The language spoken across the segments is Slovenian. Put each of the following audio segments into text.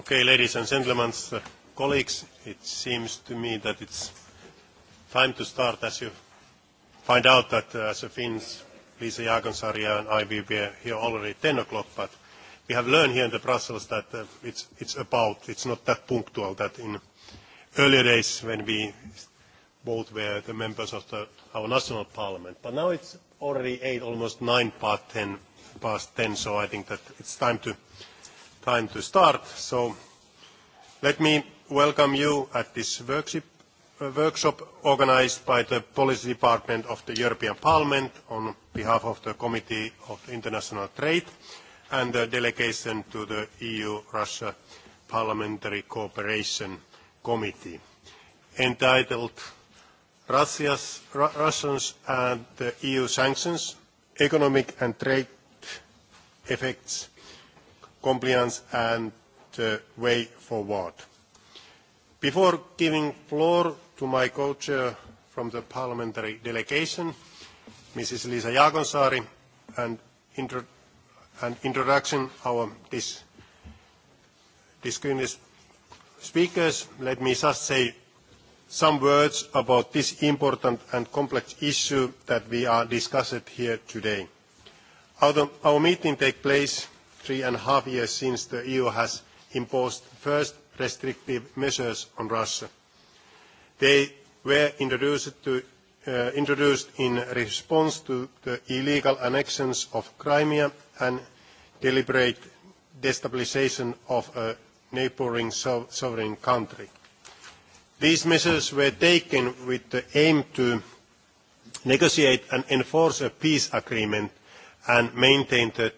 Okay, ladies and gentlemen, uh, colleagues, it seems to me that it's time to start as you find out that uh, as a Finns, Lisa Jagansari and I will be here already 10 o'clock, but we have learned here in the Brussels that uh, it's, it's about, it's not that punctual that in earlier days when we both were the members of the, our national parliament, but now it's already 8, almost 9 past 10, past 10, so I think that it's time to time to start. Let me welcome you at this uh, workshop organized by the Policy Department of the European Parliament on behalf of the Committee of International Trade and the delegation to the EU-Russia Parliamentary Cooperation Committee, entitled Russians and the EU Sanctions: Economic and Trade Effects compliance and the uh, way forward. Before giving floor to my co-chair from the parliamentary delegation, Mrs. Liisa Jaakonsaari, an introduction our distinguished speakers, let me just say some words about this important and complex issue that we are discussing here today. Our meeting take place three and a half years since the EU has imposed first restrictive measures on Russia. They were introduced, to, uh, introduced in response to the illegal annexions of Crimea and deliberate destabilization of a neighboring so sovereign country. These measures were taken with the aim to negotiate and enforce a peace agreement and maintain the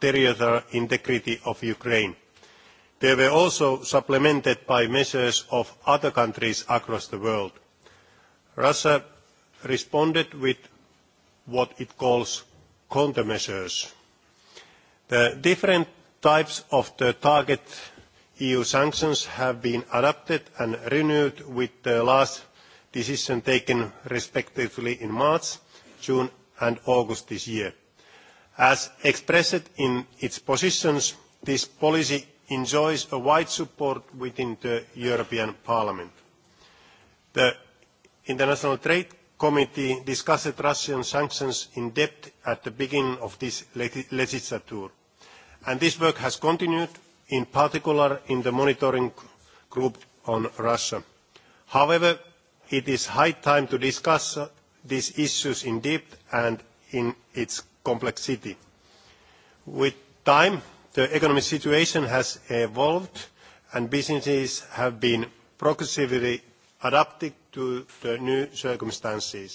territorial integrity of Ukraine. They were also supplemented by measures of other countries across the world. Russia responded with what it calls countermeasures. The different types of the target EU sanctions have been adapted and renewed with the last decision taken respectively in March, June and August this year. As expressed in its positions, this policy enjoys a wide support within the European Parliament. The International Trade Committee discussed Russian sanctions in depth at the beginning of this legislature, and this work has continued, in particular in the monitoring group on Russia. However, it is high time to discuss uh, these issues in depth and in its complexity. With time, the economic situation has evolved, and businesses have been progressively adapted to the new circumstances.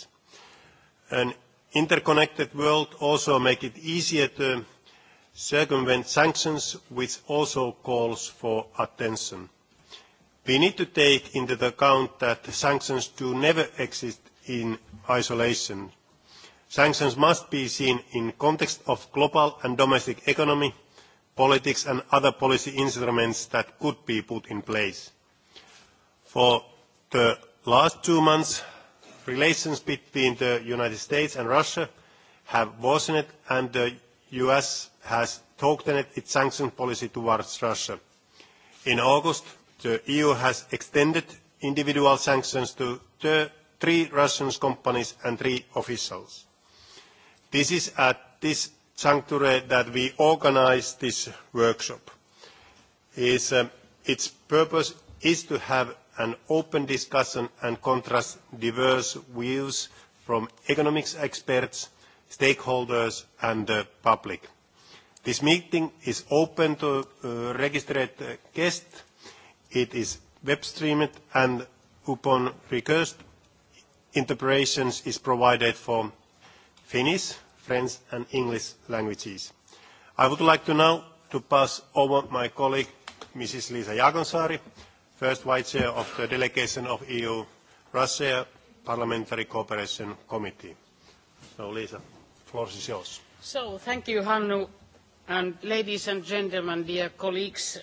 An interconnected world also make it easier to circumvent sanctions, which also calls for attention. We need to take into account that sanctions do never exist in isolation. Sanctions must be seen in context of global and domestic economy, politics and other policy instruments that could be put in place. For the last two months, relations between the United States and Russia have worsened and the US has talked its sanction policy towards Russia. In August, the EU has extended individual sanctions to the three Russian companies and three officials. This is at this juncture that we organize this workshop. Um, its purpose is to have an open discussion and contrast diverse views from economics experts, stakeholders, and the public. This meeting is open to uh, registered uh, guests. It is web streamed, and upon request, interpretation is provided for Finnish, French, and English languages. I would like to now to pass over my colleague, Mrs. Lisa Jagonsari, first vice chair of the delegation of EU Russia Parliamentary Cooperation Committee. So, Lisa, the floor is yours. So, thank you, Hannu, and ladies and gentlemen, dear colleagues.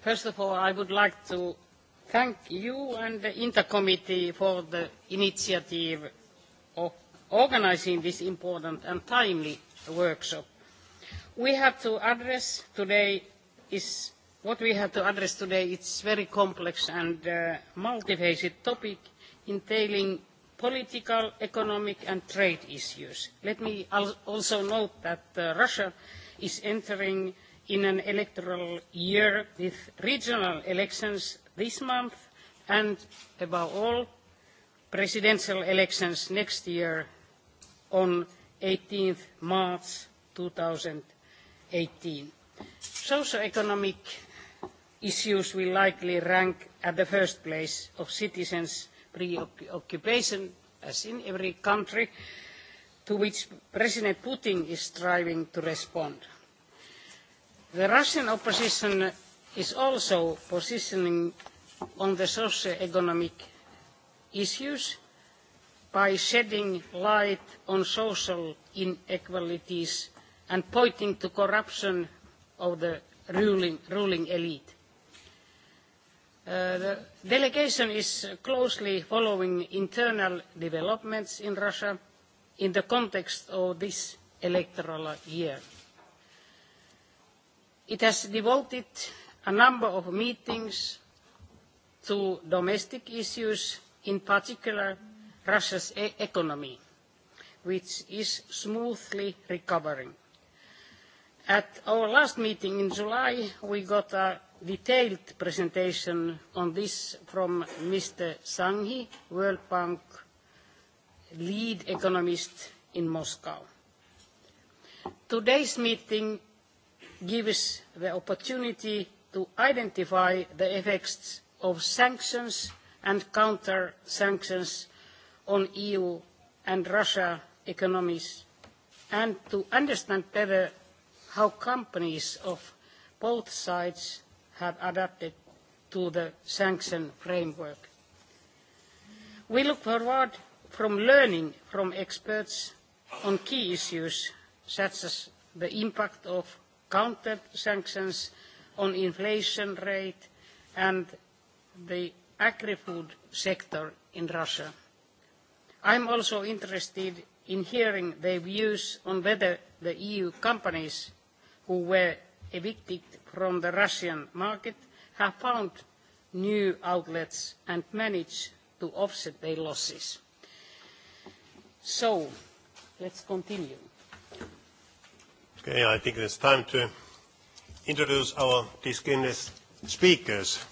First of all, I would like to thank you and the Inter Committee for the initiative organizing this important and timely workshop. We have to address today is what we have to address today. It's very complex and uh, multifaceted topic entailing political, economic and trade issues. Let me al also note that uh, Russia is entering in an electoral year with regional elections this month and above all presidential elections next year on 18th March 2018. Socioeconomic issues will likely rank at the first place of citizens' preoccupation, as in every country, to which President Putin is striving to respond. The Russian opposition is also positioning on the socioeconomic issues by shedding light on social inequalities and pointing to corruption of the ruling, ruling elite. Uh, the delegation is closely following internal developments in Russia in the context of this electoral year. It has devoted a number of meetings to domestic issues, in particular Russia's e-, economy, which is smoothly recovering. At our last meeting in July, we got a detailed presentation on this from Mr. Sanghi, World Bank lead economist in Moscow. Today's meeting gives the opportunity to identify the effects of sanctions and counter-sanctions on EU and Russia economies, and to understand better how companies of both sides have adapted to the sanction framework. We look forward from learning from experts on key issues such as the impact of counter-sanctions on inflation rate and the agri-food sector in Russia. I'm also interested in hearing their views on whether the EU companies who were evicted from the Russian market have found new outlets and managed to offset their losses. So, let's continue. Okay, I think it's time to introduce our distinguished speakers.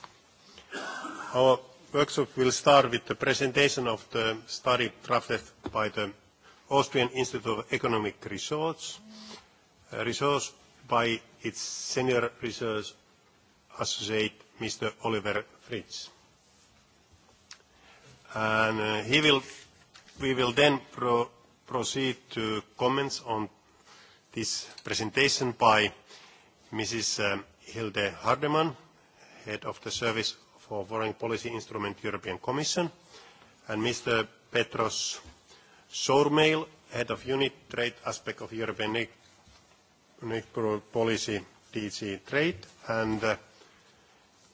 Our workshop will start with the presentation of the study drafted by the Austrian Institute of Economic Research, resourced by its senior research associate, Mr. Oliver Fritsch. And uh, we will then proceed to comments on this presentation by Mrs. Um, Hilde Hardeman, Head of the Service for foreign policy instrument European Commission, and Mr. Petros Sourmail, head of unit trade aspect of European ne- ne- policy DC trade, and uh,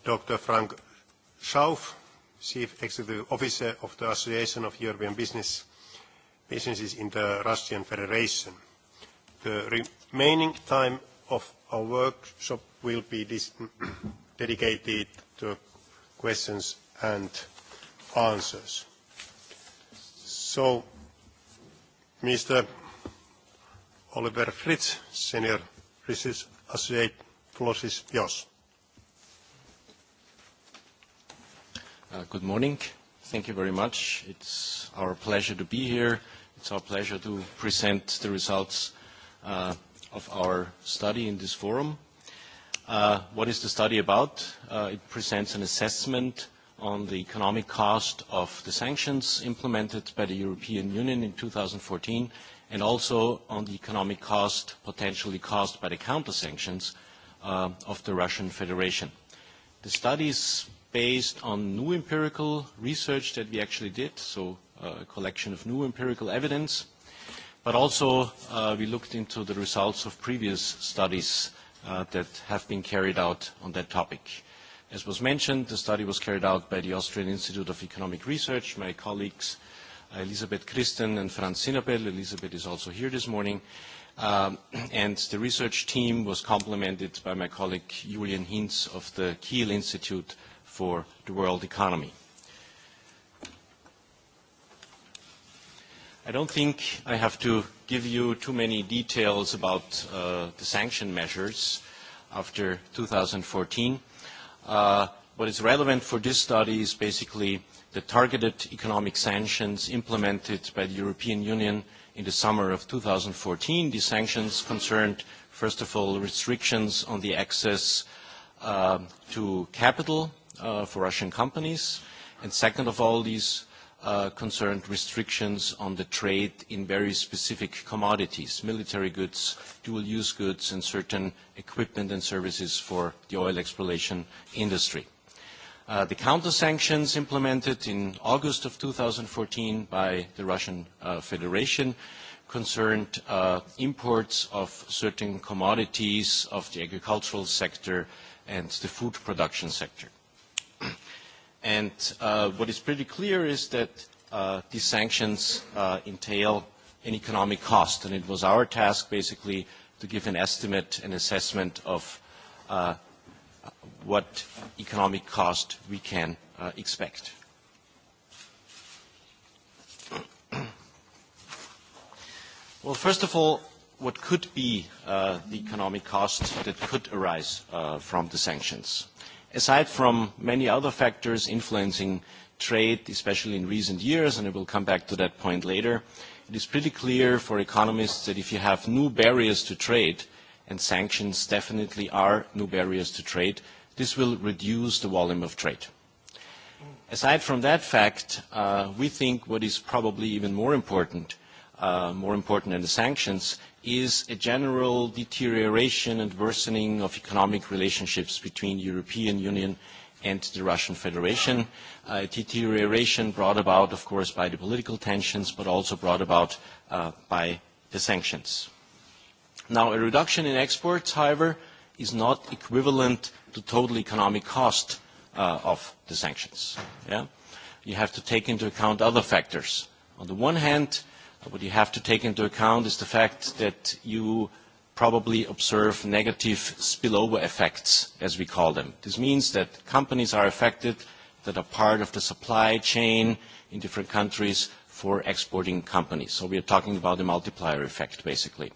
Dr. Frank Schauf, chief executive officer of the Association of European Business Businesses in the Russian Federation. The remaining time of our workshop will be dis- dedicated to questions and answers. So Mr. Oliver Fritz, Senior Research Associate, floor is yours. Uh, good morning. Thank you very much. It's our pleasure to be here. It's our pleasure to present the results uh, of our study in this forum. Uh, what is the study about? Uh, it presents an assessment on the economic cost of the sanctions implemented by the European Union in 2014 and also on the economic cost potentially caused by the counter-sanctions uh, of the Russian Federation. The study is based on new empirical research that we actually did, so uh, a collection of new empirical evidence, but also uh, we looked into the results of previous studies uh, Uh, that have been carried out on that topic. As was mentioned, the study was carried out by the Austrian Institute of Economic Research, my colleagues, uh, Elisabeth Christen and Franz Sinnabel. Elisabeth is also here this morning. Um, the research team was complemented by my colleague, Julian Hintz of the Kiel Institute for the World Economy. I don't think I have to give you too many details about uh, the sanction measures after 2014. Uh, what is relevant for this study is basically the targeted economic sanctions implemented by the European Union in the summer of 2014. These sanctions concerned, first of all, restrictions on the access uh, to capital uh, for Russian companies. And second of all, these uh, Uh, concerned restrictions on the trade in very specific commodities, military goods, dual-use goods, and certain equipment and services for the oil exploration industry. Uh, the counter-sanctions implemented in August of 2014 by the Russian uh, Federation concerned uh, imports of certain commodities of the agricultural sector and the food production sector. And uh, what is pretty clear is that uh, these sanctions uh, entail an economic cost. And it was our task, basically, to give an estimate, an assessment of uh, what economic cost we can uh, expect. well, first of all, what could be uh, the economic cost that could arise uh, from the sanctions? Aside from many other factors influencing trade, especially in recent years, and I will come back to that point later, it is pretty clear for economists that if you have new barriers to trade, and sanctions definitely are new barriers to trade, this will reduce the volume of trade. Aside from that fact, uh, we think what is probably even more important, uh, more important than the sanctions, is a general deterioration and worsening of economic relationships between European Union and the Russian Federation, uh, a deterioration brought about, of course, by the political tensions, but also brought about uh, by the sanctions. Now, a reduction in exports, however, is not equivalent to total economic cost uh, of the sanctions. Yeah? You have to take into account other factors. On the one hand, what you have to take into account is the fact that you probably observe negative spillover effects, as we call them. This means that companies are affected that are part of the supply chain in different countries for exporting companies. So we are talking about a multiplier effect, basically.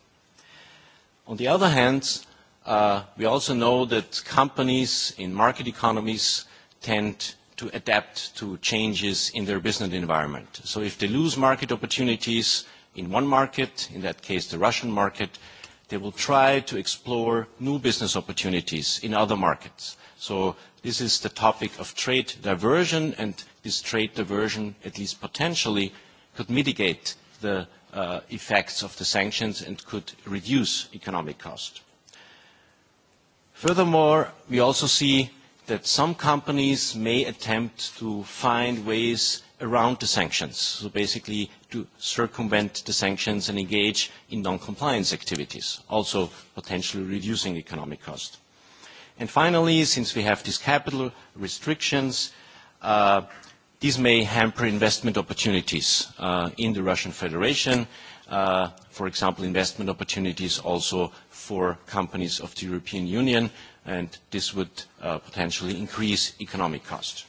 On the other hand, uh, we also know that companies in market economies tend to adapt to changes in their business environment. So if they lose market opportunities in one market, in that case, the Russian market, they will try to explore new business opportunities in other markets. So this is the topic of trade diversion, and this trade diversion, at least potentially, could mitigate the uh, effects of the sanctions and could reduce economic cost. Furthermore, we also see that some companies may attempt to find ways around the sanctions, so basically to circumvent the sanctions and engage in non-compliance activities, also potentially reducing economic cost. And finally, since we have these capital restrictions, uh, these may hamper investment opportunities uh, in the Russian Federation, uh, for example, investment opportunities also for companies of the European Union, and this would uh, potentially increase economic cost.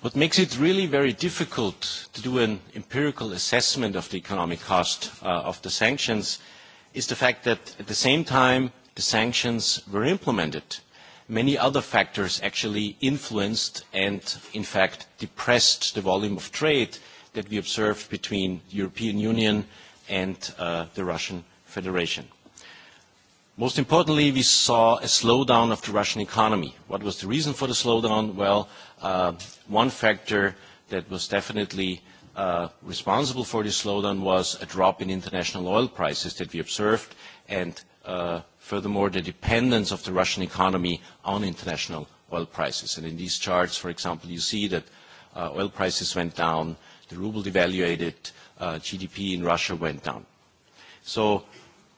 What makes it really very difficult to do an empirical assessment of the economic cost uh, of the sanctions is the fact that at the same time the sanctions were implemented, many other factors actually influenced and in fact depressed the volume of trade that we observed between the European Union and uh, the Russian Federation. Most importantly, we saw a slowdown of the Russian economy. What was the reason for the slowdown? Well, uh, one factor that was definitely uh, responsible for this slowdown was a drop in international oil prices that we observed, and uh, furthermore, the dependence of the Russian economy on international oil prices. And in these charts, for example, you see that uh, oil prices went down uh, the ruble devaluated, uh, GDP in Russia went down. So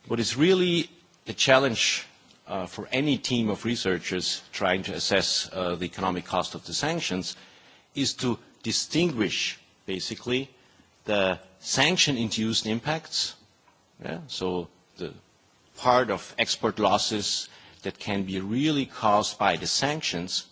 what is really the challenge uh, for any team of researchers trying to assess uh, the economic cost of the sanctions is to distinguish basically the sanction-induced impacts, yeah, so the part of export losses that can be really caused by the sanctions,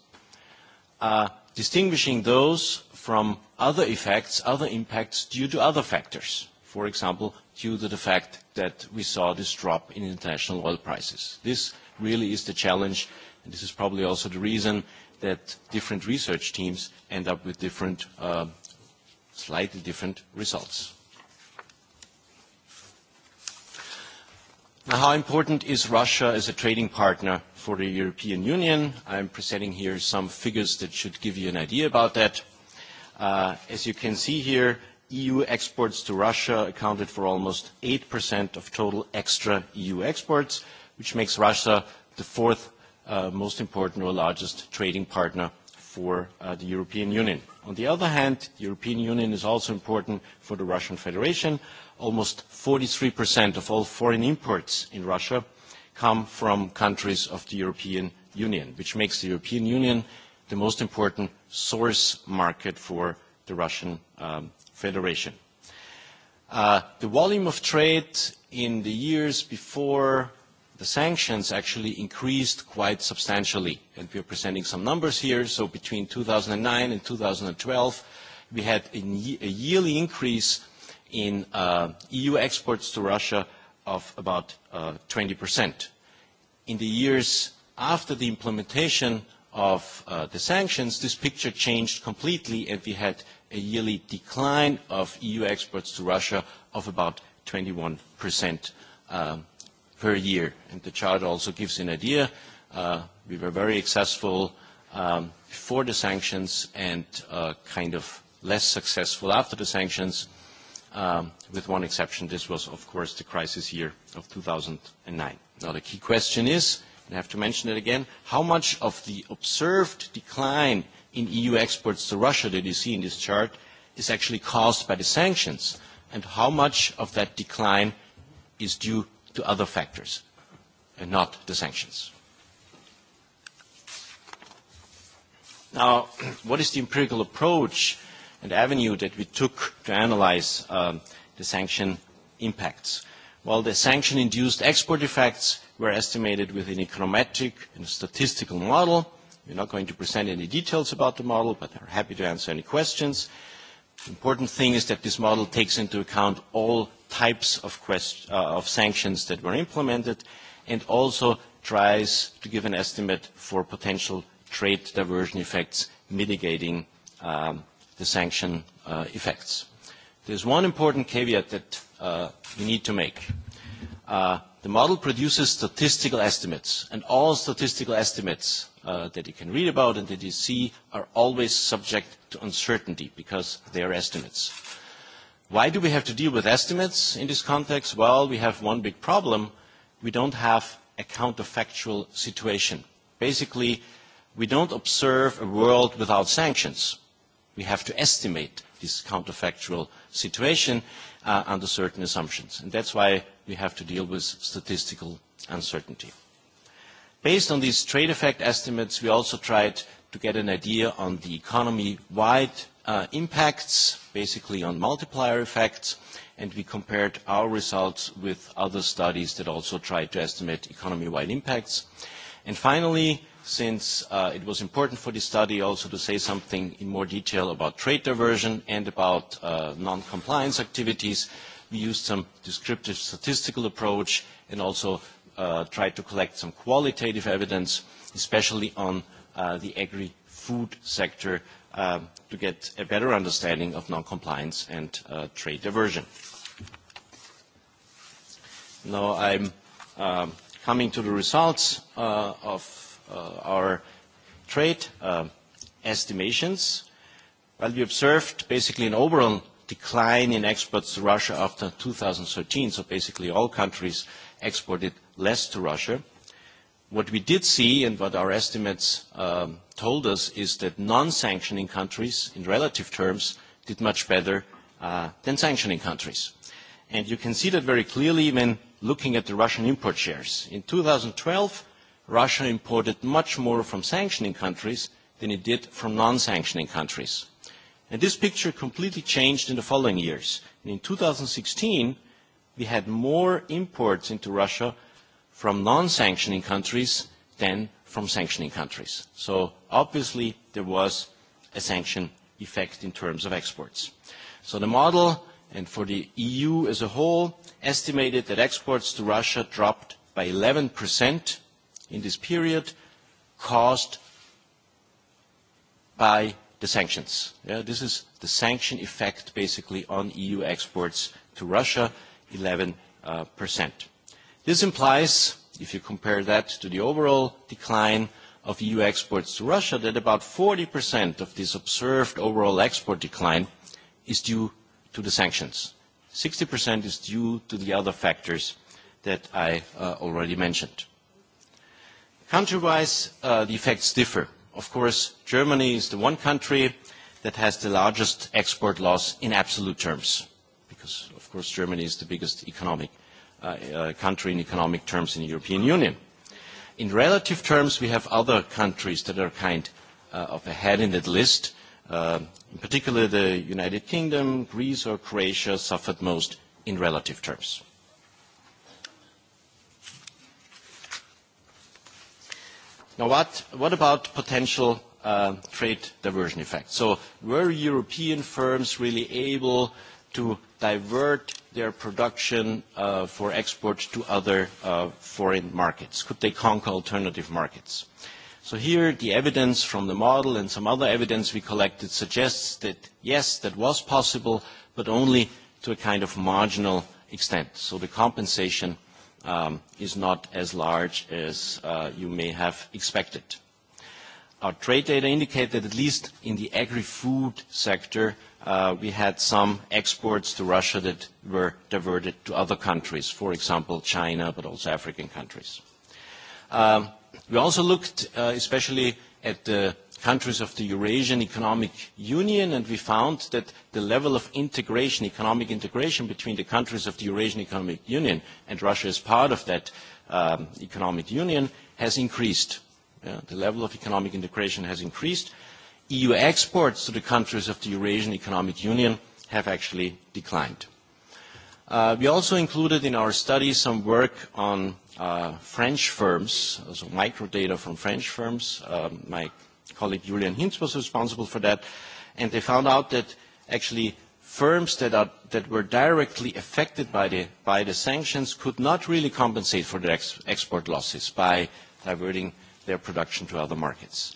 uh, distinguishing those from other effects, other impacts due to other factors. For example, due to the fact that we saw this drop in international oil prices. This really is the challenge, and this is probably also the reason that different research teams end up with different, uh, slightly different results. How important is Russia as a trading partner for the European Union? I'm presenting here some figures that should give you an idea about that. Uh, as you can see here, EU exports to Russia accounted for almost 8% of total extra EU exports, which makes Russia the fourth uh, most important or largest trading partner for uh, the European Union. On the other hand, the European Union is also important for the Russian Federation. Almost 43% of all foreign imports in Russia come from countries of the European Union, which makes the European Union the most important source market for the Russian um, Federation. Uh, the volume of trade in the years before the sanctions actually increased quite substantially. And we are presenting some numbers here. So between 2009 and 2012, we had a, ye- a yearly increase in uh, EU exports to Russia of about uh, 20%. In the years after the implementation of uh, the sanctions, this picture changed completely, and we had a yearly decline of EU exports to Russia of about 21% um, per year. The chart also gives an idea. Uh, we were very successful um, before the sanctions and uh, kind of less successful after the sanctions, um, with one exception. This was, of course, the crisis year of 2009. Now, the key question is, I have to mention it again, how much of the observed decline in EU exports to Russia that you see in this chart is actually caused by the sanctions, and how much of that decline is due to other factors and not the sanctions? Now, what is the empirical approach and avenue that we took to analyze um, the sanction impacts? while the sanction-induced export effects were estimated with an econometric and statistical model. We're not going to present any details about the model, but I'm happy to answer any questions. The important thing is that this model takes into account all types of, quest uh, of sanctions that were implemented and also tries to give an estimate for potential trade diversion effects mitigating um, the sanction uh, effects. There's one important caveat that uh, you need to make. Uh, the model produces statistical estimates, and all statistical estimates uh, that you can read about and that you see are always subject to uncertainty because they are estimates. Why do we have to deal with estimates in this context? Well, we have one big problem. We don't have a counterfactual situation. Basically, we don't observe a world without sanctions we have to estimate this counterfactual situation uh, under certain assumptions. And that's why we have to deal with statistical uncertainty. Based on these trade effect estimates, we also tried to get an idea on the economy-wide uh, impacts, basically on multiplier effects, and we compared our results with other studies that also tried to estimate economy-wide impacts. And finally, since uh, it was important for this study also to say something in more detail about trade diversion and about uh, non-compliance activities, we used some descriptive statistical approach and also uh, tried to collect some qualitative evidence, especially on uh, the agri-food sector, uh, to get a better understanding of non-compliance and uh, trade diversion. Now I'm uh, coming to the results uh, of Uh, our trade uh, estimations. While we observed basically an overall decline in exports to Russia after 2013, so basically all countries exported less to Russia, what we did see and what our estimates um, told us is that non-sanctioning countries, in relative terms, did much better uh, than sanctioning countries. You can see that very clearly when looking at the Russian import shares. In 2012, Russia imported much more from sanctioning countries than it did from non-sanctioning countries. And this picture completely changed in the following years. And in 2016, we had more imports into Russia from non-sanctioning countries than from sanctioning countries. So obviously, there was a sanction effect in terms of exports. So the model, and for the EU as a whole, estimated that exports to Russia dropped by in this period caused by the sanctions. Yeah, this is the sanction effect basically on EU exports to Russia, 11%. Uh, this implies, if you compare that to the overall decline of EU exports to Russia, that about 40% of this observed overall export decline is due to the sanctions. 60% is due to the other factors that I uh, already mentioned. Country-wise, uh, the effects differ. Of course, Germany is the one country that has the largest export loss in absolute terms, because, of course, Germany is the biggest economic uh, uh, country in economic terms in the European Union. In relative terms, we have other countries that are kind uh, of ahead in that list, uh, in particular the United Kingdom, Greece or Croatia suffered most in relative terms. Now, what, what about potential uh, trade diversion effects? So were European firms really able to divert their production uh, for export to other uh, foreign markets? Could they conquer alternative markets? So here the evidence from the model and some other evidence we collected suggests that yes, that was possible, but only to a kind of marginal extent. So the compensation Um, is not as large as uh, you may have expected. Our trade data indicate that at least in the agri-food sector, uh, we had some exports to Russia that were diverted to other countries, for example, China, but also African countries. Um, we also looked uh, especially at the countries of the Eurasian Economic Union, and we found that the level of integration, economic integration between the countries of the Eurasian Economic Union, and Russia is part of that um, economic union, has increased. Yeah, the level of economic integration has increased. EU exports to the countries of the Eurasian Economic Union have actually declined. Uh, we also included in our study some work on uh, French firms, also micro data from French firms. Um, my colleague Julian Hintz was responsible for that, and they found out that actually firms that, are, that were directly affected by the, by the sanctions could not really compensate for their ex- export losses by diverting their production to other markets.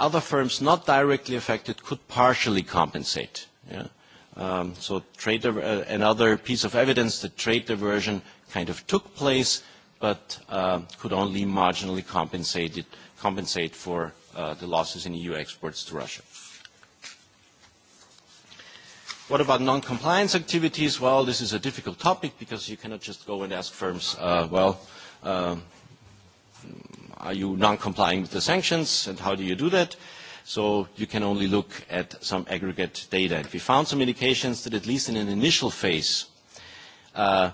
Other firms not directly affected could partially compensate. Yeah? Um, so trade diver- uh, another piece of evidence that trade diversion kind of took place, but uh, could only marginally compensate, it, compensate for Uh, the losses in EU exports to Russia. What about non-compliance activities? Well, this is a difficult topic because you cannot just go and ask firms, uh, well, uh, are you non-complying with the sanctions and how do you do that? So you can only look at some aggregate data. And we found some indications that at least in an initial phase, uh,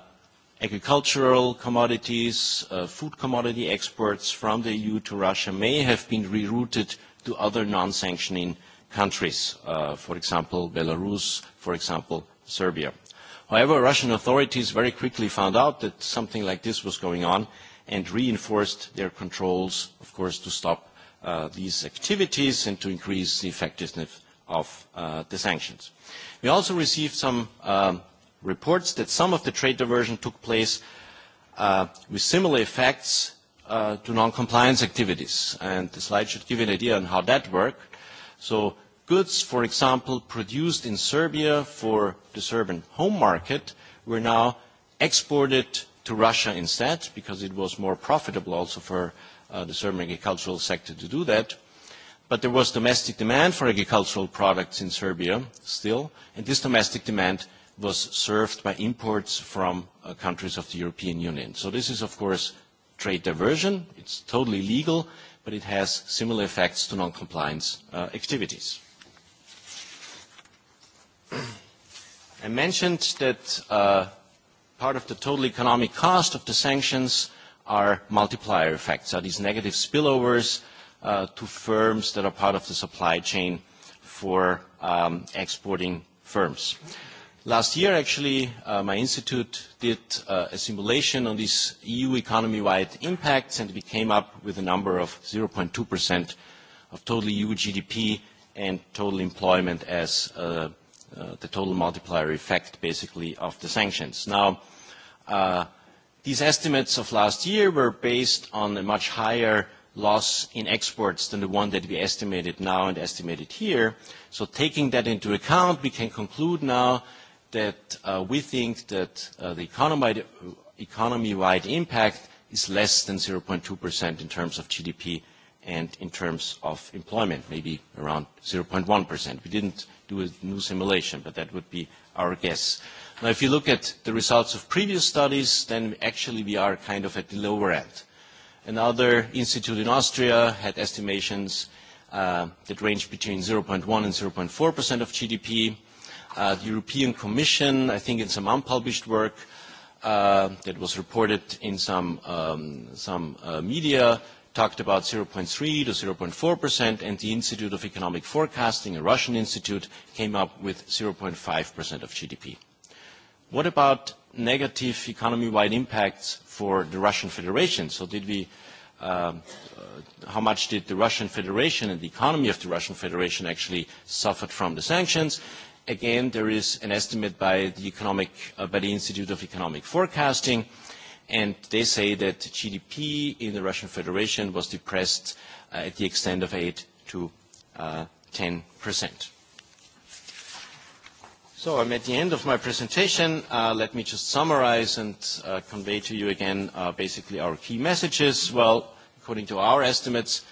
agricultural commodities, uh, food commodity exports from the EU to Russia may have been rerouted to other non-sanctioning countries, uh, for example, Belarus, for example, Serbia. However, Russian authorities very quickly found out that something like this was going on and reinforced their controls, of course, to stop uh, these activities and to increase the effectiveness of uh, the sanctions. We also received some uh, reports that some of the trade diversion took place uh, with similar effects uh, to non-compliance activities. And the slide should give you an idea on how that worked. So goods, for example, produced in Serbia for the Serbian home market were now exported to Russia instead because it was more profitable also for uh, the Serbian agricultural sector to do that. But there was domestic demand for agricultural products in Serbia still, and this domestic demand was served by imports from uh, countries of the European Union. So this is, of course, trade diversion. It's totally legal, but it has similar effects to non-compliance uh, activities. I mentioned that uh, part of the total economic cost of the sanctions are multiplier effects, are these negative spillovers uh, to firms that are part of the supply chain for um, exporting firms. Uh, Last year, actually, uh, my institute did uh, a simulation on these EU economy-wide impacts, and we came up with a number of 0.2% of total EU GDP and total employment as uh, uh, the total multiplier effect, basically, of the sanctions. Now, uh, these estimates of last year were based on a much higher loss in exports than the one that we estimated now and estimated here. So taking that into account, we can conclude now that uh, we think that uh, the economy-wide impact is less than 0.2% in terms of GDP and in terms of employment, maybe around 0.1%. We didn't do a new simulation, but that would be our guess. Now, if you look at the results of previous studies, then actually we are kind of at the lower end. Another institute in Austria had estimations uh, that range between 0.1% and 0.4% of GDP. Uh, the European Commission, I think in some unpublished work uh, that was reported in some, um, some uh, media, talked about 0.3 to 0.4 percent, and the Institute of Economic Forecasting, a Russian institute, came up with 0.5 percent of GDP. What about negative economy-wide impacts for the Russian Federation? So did we, uh, uh, how much did the Russian Federation and the economy of the Russian Federation actually suffered from the sanctions? again, there is an estimate uh, by the Institute of Economic Forecasting, and they say that GDP in the Russian Federation was depressed uh, at the extent of 8%-10%. Uh, I'm at the end of my presentation. Let me just summarize and convey to you again basically our key messages. Well, according to our estimates,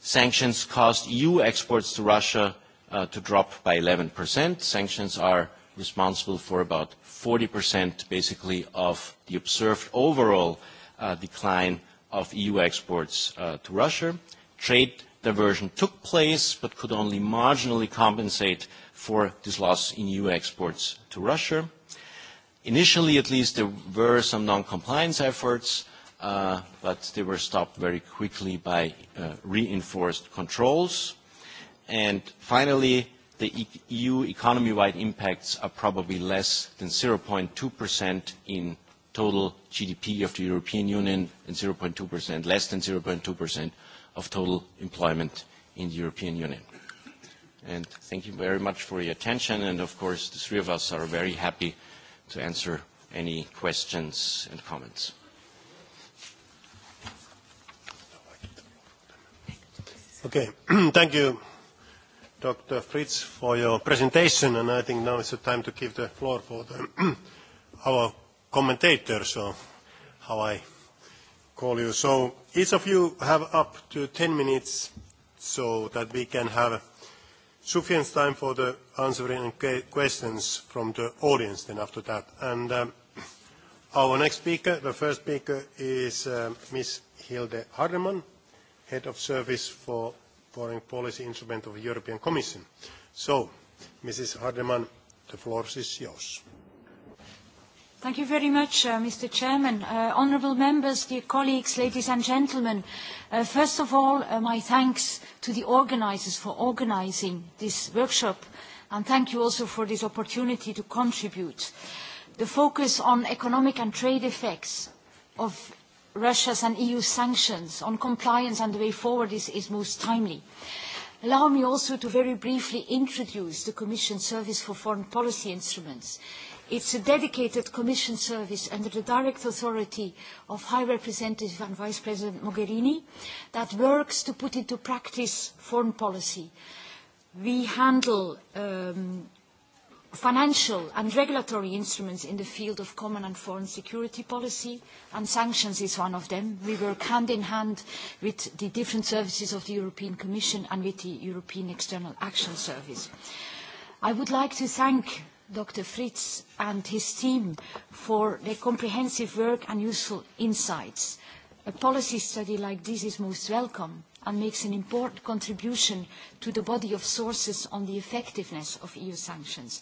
sanctions cost EU exports to Russia Uh, to drop by 11%. Sanctions are responsible for about 40%, basically, of the observed overall uh, decline of EU exports uh, to Russia. Trade diversion took place but could only marginally compensate for this loss in EU exports to Russia. Initially, at least, there were some non-compliance efforts, but they were stopped very quickly by reinforced controls. Finally, the EU e economy-wide impacts are probably less than 0.2% in total GDP of the European Union and 0.2%, less than 0.2% of total employment in the European Union. Thank you very much for your attention, and of course, the three of us are very happy to answer any questions and comments. Okay. Thank you, Dr. Fritz, for your presentation, and I think now is the time to give the floor for the, our commentators, or how I call you. So each of you have up to 10 minutes, so that we can have sufficient time for the answering questions from the audience then after that. And um, our next speaker, the first speaker, is uh, Ms. Hilde Hardeman, Head of Service for foreign policy instrument of the European Commission. So, Mrs. Hardeman, the floor is yours. Thank you very much, uh, Mr. Chairman. Uh, honourable members, dear colleagues, ladies and gentlemen, uh, first of all, uh, my thanks to the organisers for organising this workshop, and thank you also for this opportunity to contribute. The focus on economic and trade effects of Russia's and EU sanctions on compliance and the way forward is, is most timely. Allow me also to very briefly introduce the Commission Service for Foreign Policy Instruments. It's a dedicated Commission service under the direct authority of High Representative and Vice President Mogherini that works to put into practice foreign policy. We handle um, financial and regulatory instruments in the field of common and foreign security policy, and sanctions is one of them. We work hand in hand with the different services of the European Commission and with the European External Action Service. I would like to thank Dr. Fritz and his team for their comprehensive work and useful insights. A policy study like this is most welcome, and makes an important contribution to the body of sources on the effectiveness of EU sanctions.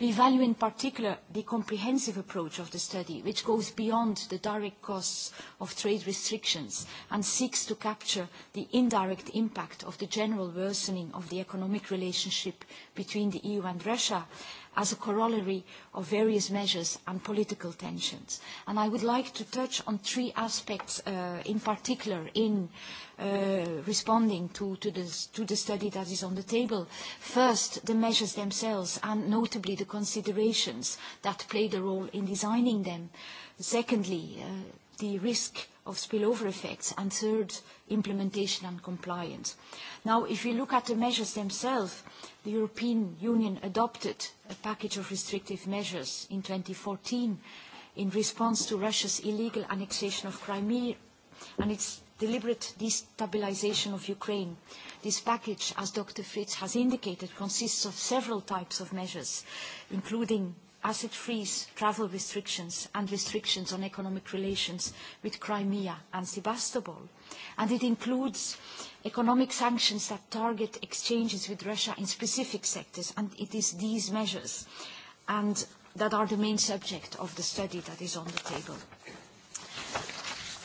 We value in particular the comprehensive approach of the study, which goes beyond the direct costs of trade restrictions and seeks to capture the indirect impact of the general worsening of the economic relationship between the EU and Russia as a corollary of various measures and political tensions. And I would like to touch on three aspects uh, in particular in uh, responding to, to, this, to the study that is on the table. First, the measures themselves and notably the considerations that played a role in designing them. Secondly, uh, the risk uh, of spillover effects, and third, implementation and compliance. Now, if you look at the measures themselves, the European Union adopted a package of restrictive measures in 2014 in response to Russia's illegal annexation of Crimea and its deliberate destabilization of Ukraine. This package, as Dr. Fritz has indicated, consists of several types of measures, including asset freeze, travel restrictions, and restrictions on economic relations with Crimea and Sebastopol. And it includes economic sanctions that target exchanges with Russia in specific sectors, and it is these measures and that are the main subject of the study that is on the table.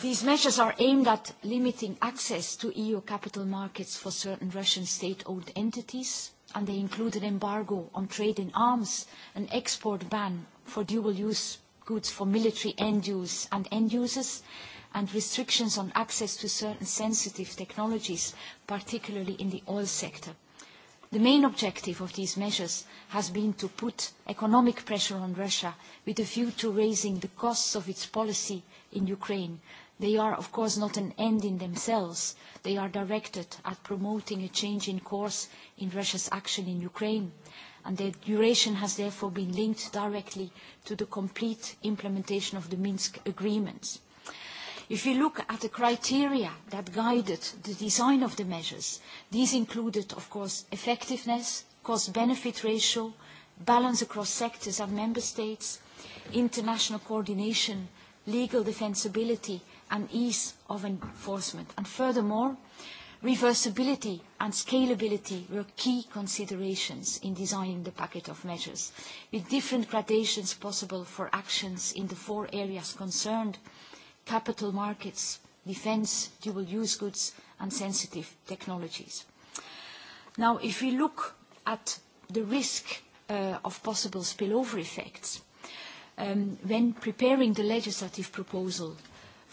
These measures are aimed at limiting access to EU capital markets for certain Russian state-owned entities, and they include an embargo on trade in arms, an export ban for dual-use goods for military end-use and end-users, and restrictions on access to certain sensitive technologies, particularly in the oil sector. The main objective of these measures has been to put economic pressure on Russia with a view to raising the costs of its policy in Ukraine, They are, of course, not an end in themselves. They are directed at promoting a change in course in Russia's action in Ukraine. And their duration has therefore been linked directly to the complete implementation of the Minsk agreements. If you look at the criteria that guided the design of the measures, these included, of course, effectiveness, cost-benefit ratio, balance across sectors and member states, international coordination, legal defensibility, and ease of enforcement. And furthermore, reversibility and scalability were key considerations in designing the packet of measures, with different gradations possible for actions in the four areas concerned, capital markets, defence, dual-use goods and sensitive technologies. Now, if we look at the risk uh, of possible spillover effects, um, when preparing the legislative proposal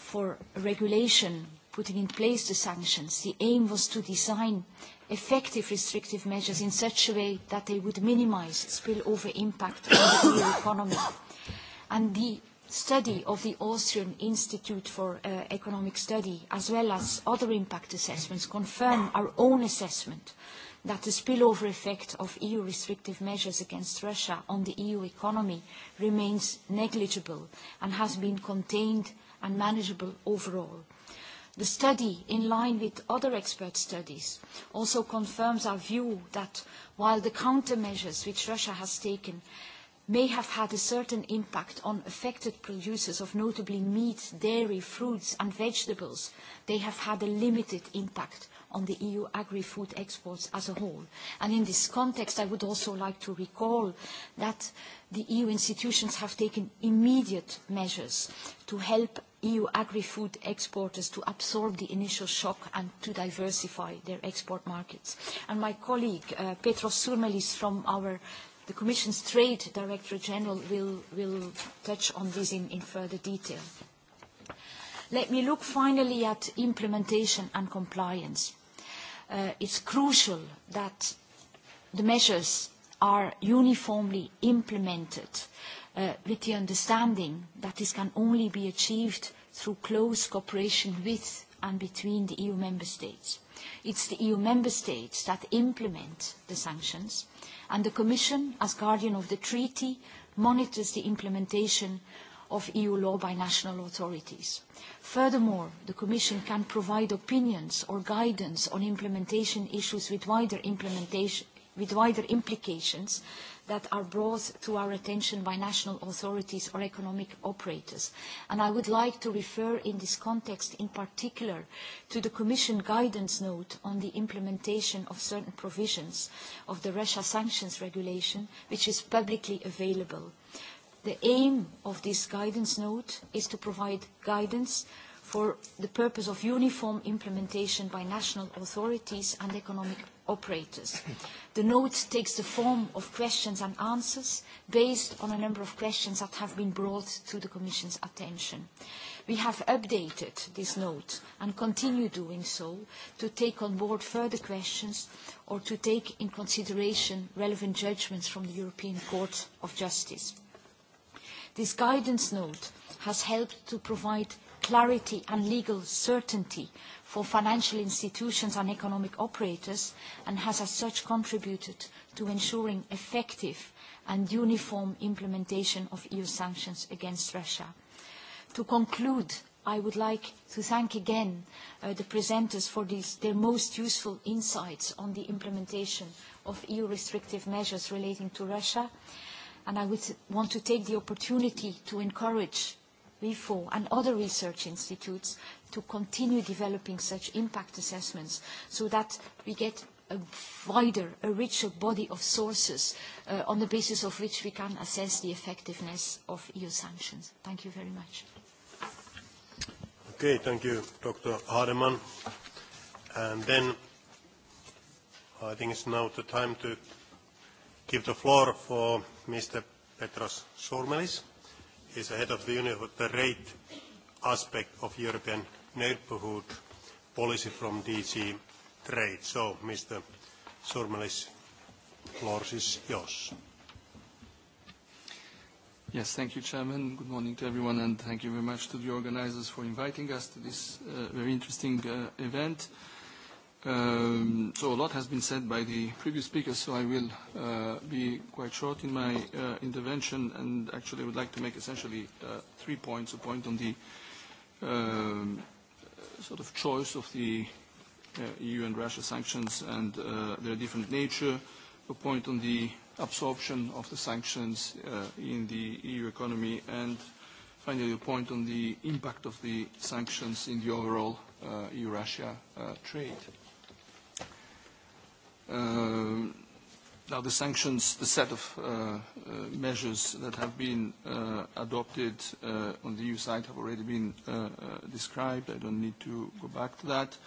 for regulation, putting in place the sanctions. The aim was to design effective restrictive measures in such a way that they would minimize spillover impact on the EU economy. And the study of the Austrian Institute for uh, Economic Study, as well as other impact assessments, confirm our own assessment that the spillover effect of EU restrictive measures against Russia on the EU economy remains negligible and has been contained and manageable overall. The study, in line with other expert studies, also confirms our view that while the countermeasures which Russia has taken may have had a certain impact on affected producers of notably meat, dairy, fruits and vegetables, they have had a limited impact on the EU agri-food exports as a whole. And in this context, I would also like to recall that the EU institutions have taken immediate measures to help EU agri-food exporters to absorb the initial shock and to diversify their export markets. And my colleague, uh, Petros Surmelis from our, the Commission's Trade Director General will, will touch on this in, in further detail. Let me look finally at implementation and compliance uh, it's crucial that the measures are uniformly implemented uh, with the understanding that this can only be achieved through close cooperation with and between the EU member states. It's the EU member states that implement the sanctions, and the Commission, as guardian of the treaty, monitors the implementation of EU law by national authorities. Furthermore, the Commission can provide opinions or guidance on implementation issues with wider, implementation, with wider implications that are brought to our attention by national authorities or economic operators. And I would like to refer in this context in particular to the Commission guidance note on the implementation of certain provisions of the Russia sanctions regulation, which is publicly available. The aim of this guidance note is to provide guidance for the purpose of uniform implementation by national authorities and economic operators. The note takes the form of questions and answers based on a number of questions that have been brought to the Commission's attention. We have updated this note and continue doing so to take on board further questions or to take in consideration relevant judgments from the European Court of Justice. This guidance note has helped to provide clarity and legal certainty for financial institutions and economic operators and has as such contributed to ensuring effective and uniform implementation of EU sanctions against Russia. To conclude, I would like to thank again uh, the presenters for these, their most useful insights on the implementation of EU restrictive measures relating to Russia and I would want to take the opportunity to encourage WIFO and other research institutes to continue developing such impact assessments so that we get a wider, a richer body of sources uh, on the basis of which we can assess the effectiveness of EU sanctions. Thank you very much. Okay, thank you, Dr. Hardeman. And then I think it's now the time to give the floor for Mr. Petros Surmelis. He's the head of the Union of the Rate aspect of European Neighborhood Policy from DG Trade. So, Mr. Surmelis, floor is yours. Yes, thank you, Chairman. Good morning to everyone, and thank you very much to the organizers for inviting us to this uh, very interesting uh, event. Um, so a lot has been said by the previous speakers, so I will uh, be quite short in my uh, intervention and actually would like to make essentially uh, three points, a point on the um, sort of choice of the uh, EU and Russia sanctions and uh, their different nature, a point on the absorption of the sanctions uh, in the EU economy, and finally a point on the impact of the sanctions in the overall uh, EU-Russia uh, trade. Uh, Uh, now the sanctions, the set of uh, uh, measures that have been uh, adopted uh, on the EU side have already been uh, uh, described. I don't need to go back to that.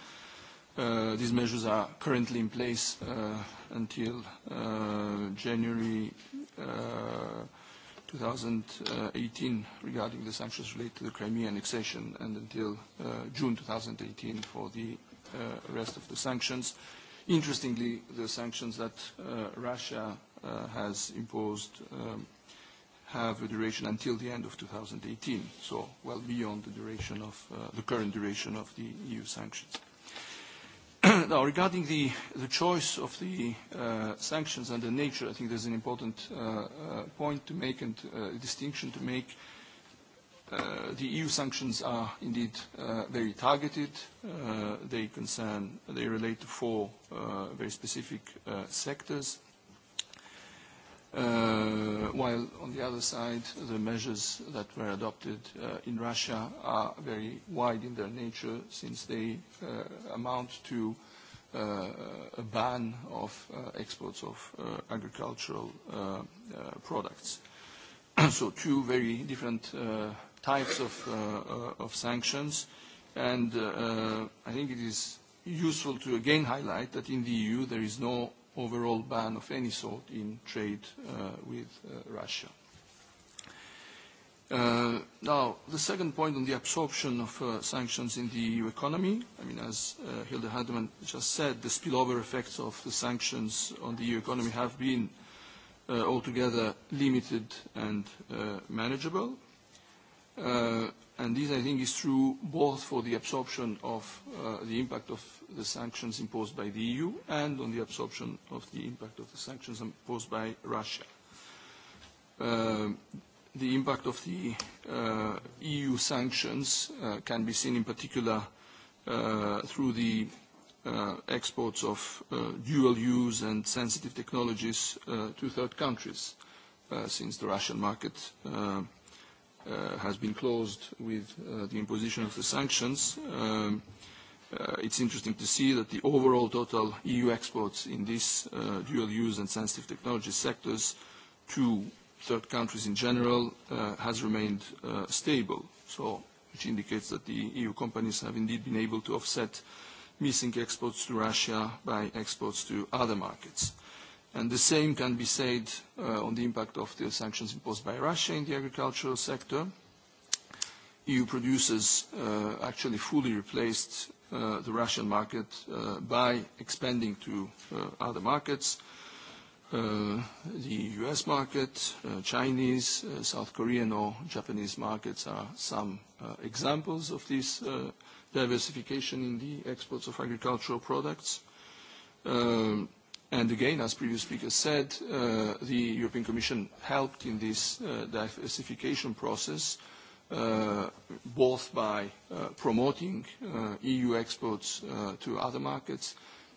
Uh, these measures are currently in place uh, until uh, January uh, 2018 regarding the sanctions related to the Crimea annexation and until uh, June 2018 for the uh, rest of the sanctions. Uh, Interestingly, the sanctions that uh, Russia uh, has imposed um, have a duration until the end of 2018, so well beyond the duration of uh, the current duration of the EU sanctions. now, regarding the, the choice of the uh, sanctions and the nature, I think there's an important uh, uh, point to make and uh, a distinction to make. Uh, uh, the EU sanctions are indeed uh, very targeted. Uh, they concern, they relate to four uh, very specific uh, sectors. Uh, while on the other side, the measures that were adopted uh, in Russia are very wide in their nature since they uh, amount to uh, a ban of uh, exports of uh, agricultural uh, uh, products. so two very different uh, types of, uh, uh, of sanctions. And uh, uh, I think it is useful to again highlight that in the EU there is no overall ban of any sort in trade uh, with uh, Russia. Uh, now, the second point on the absorption of uh, sanctions in the EU economy, I mean, as uh, Hilde Hardeman just said, the spillover effects of the sanctions on the EU economy have been uh, altogether limited and uh, manageable. Uh, this, I think, is true both for the absorption of uh, the impact of the sanctions imposed by the EU and on the absorption of the impact of the sanctions imposed by Russia. Uh, the impact of the EU sanctions can be seen in particular through the exports of dual use and sensitive technologies to third countries since the Russian market Uh, has been closed with uh, the imposition of the sanctions. Um, uh, it's interesting to see that the overall total EU exports in this dual-use and sensitive technology sectors to third countries in general has remained stable. Which indicates that the EU companies have indeed been able to offset missing exports to Russia by exports to other markets. And the same can be said uh, on the impact of the sanctions imposed by Russia in the agricultural sector. EU producers uh, actually fully replaced uh, the Russian market uh, by expanding to uh, other markets, uh, the US market, uh, Chinese, uh, South Korean or Japanese markets are some uh, examples of this uh, diversification in the exports of agricultural products. Uh, Again, as previous speakers said, uh, the European Commission helped in this uh, diversification process, uh, both by promoting EU exports to other markets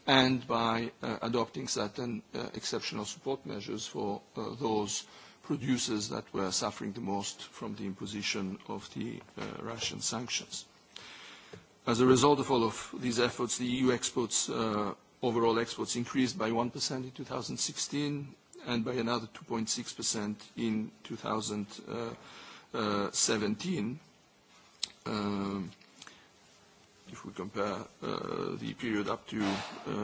and by adopting certain exceptional support measures for those producers that were suffering the most from the imposition of the Russian sanctions. As a result of all of these efforts, the EU exports overall exports increased by 1% in 2016 and by another 2.6% in 2017. Um, if we compare uh, the period up to uh,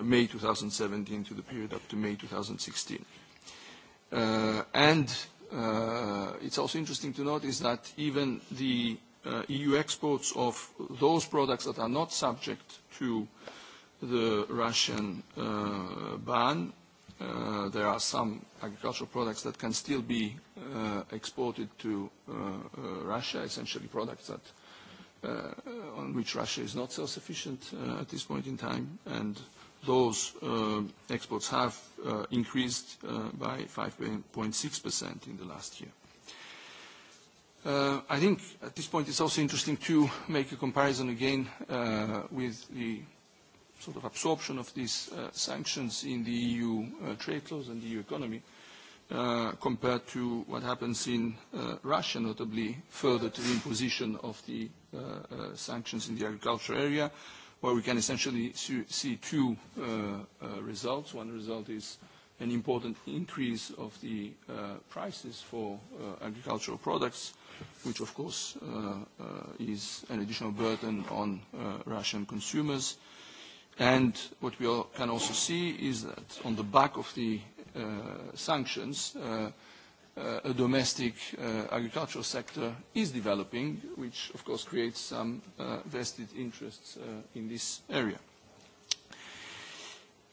May 2017 to the period up to May 2016. Uh, it's also interesting to notice that even the EU exports of those products that are not subject to the Russian uh, ban, uh, there are some agricultural products that can still be uh, exported to Russia, essentially products on which Russia is not self-sufficient at this point in time. Those exports have increased by 5.6% in the last year. I think at this point, it's also interesting to make a comparison again with the sort of absorption of these uh, sanctions in the EU uh, trade flows and the EU economy uh, compared to what happens in uh, Russia, notably further to the imposition of the uh, uh, sanctions in the agriculture area, where we can essentially see two uh, uh, results. One result is an important increase of the uh, prices for uh, agricultural products, which of course uh, uh, is an additional burden on uh, Russian consumers. Uh, And what we all can also see is that on the back of the uh, sanctions, uh, uh, a domestic uh, agricultural sector is developing, which of course creates some uh, vested interests uh, in this area.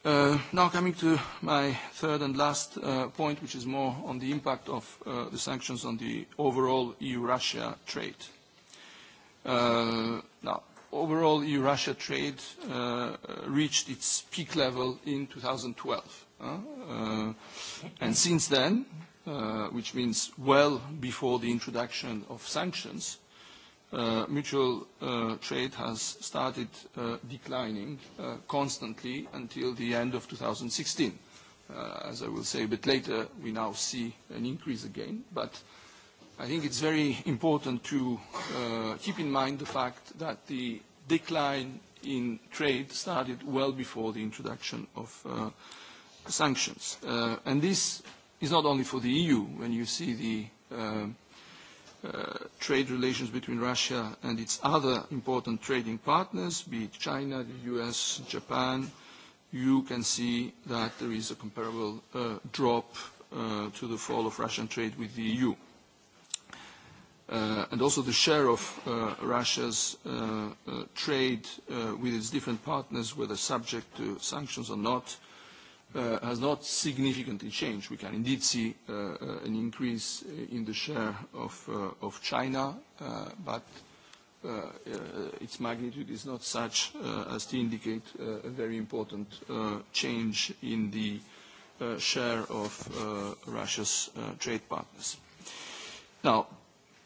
Uh, now coming to my third and last uh, point, which is more on the impact of uh, the sanctions on the overall EU-Russia trade. Uh, now, overall Eurasia trade uh, reached its peak level in 2012. Uh, uh, and since then, uh, which means well before the introduction of sanctions, uh, mutual uh, trade has started uh, declining uh, constantly until the end of 2016. Uh, as I will say a bit later, we now see an increase again. But uh, I think it's very important to uh, keep in mind the fact that the decline in trade started well before the introduction of uh, sanctions. Uh, and this is not only for the EU, when you see the uh, uh, trade relations between Russia and its other important trading partners, be it China, the US, Japan, you can see that there is a comparable uh, drop uh, to the fall of Russian trade with the EU. Uh, and also the share of uh, Russia's uh, trade with its different partners, whether subject to sanctions or not, has not significantly changed. We can indeed see an increase in the share of China, but its magnitude is not such as to indicate a very important change in the share of Russia's trade partners. Now,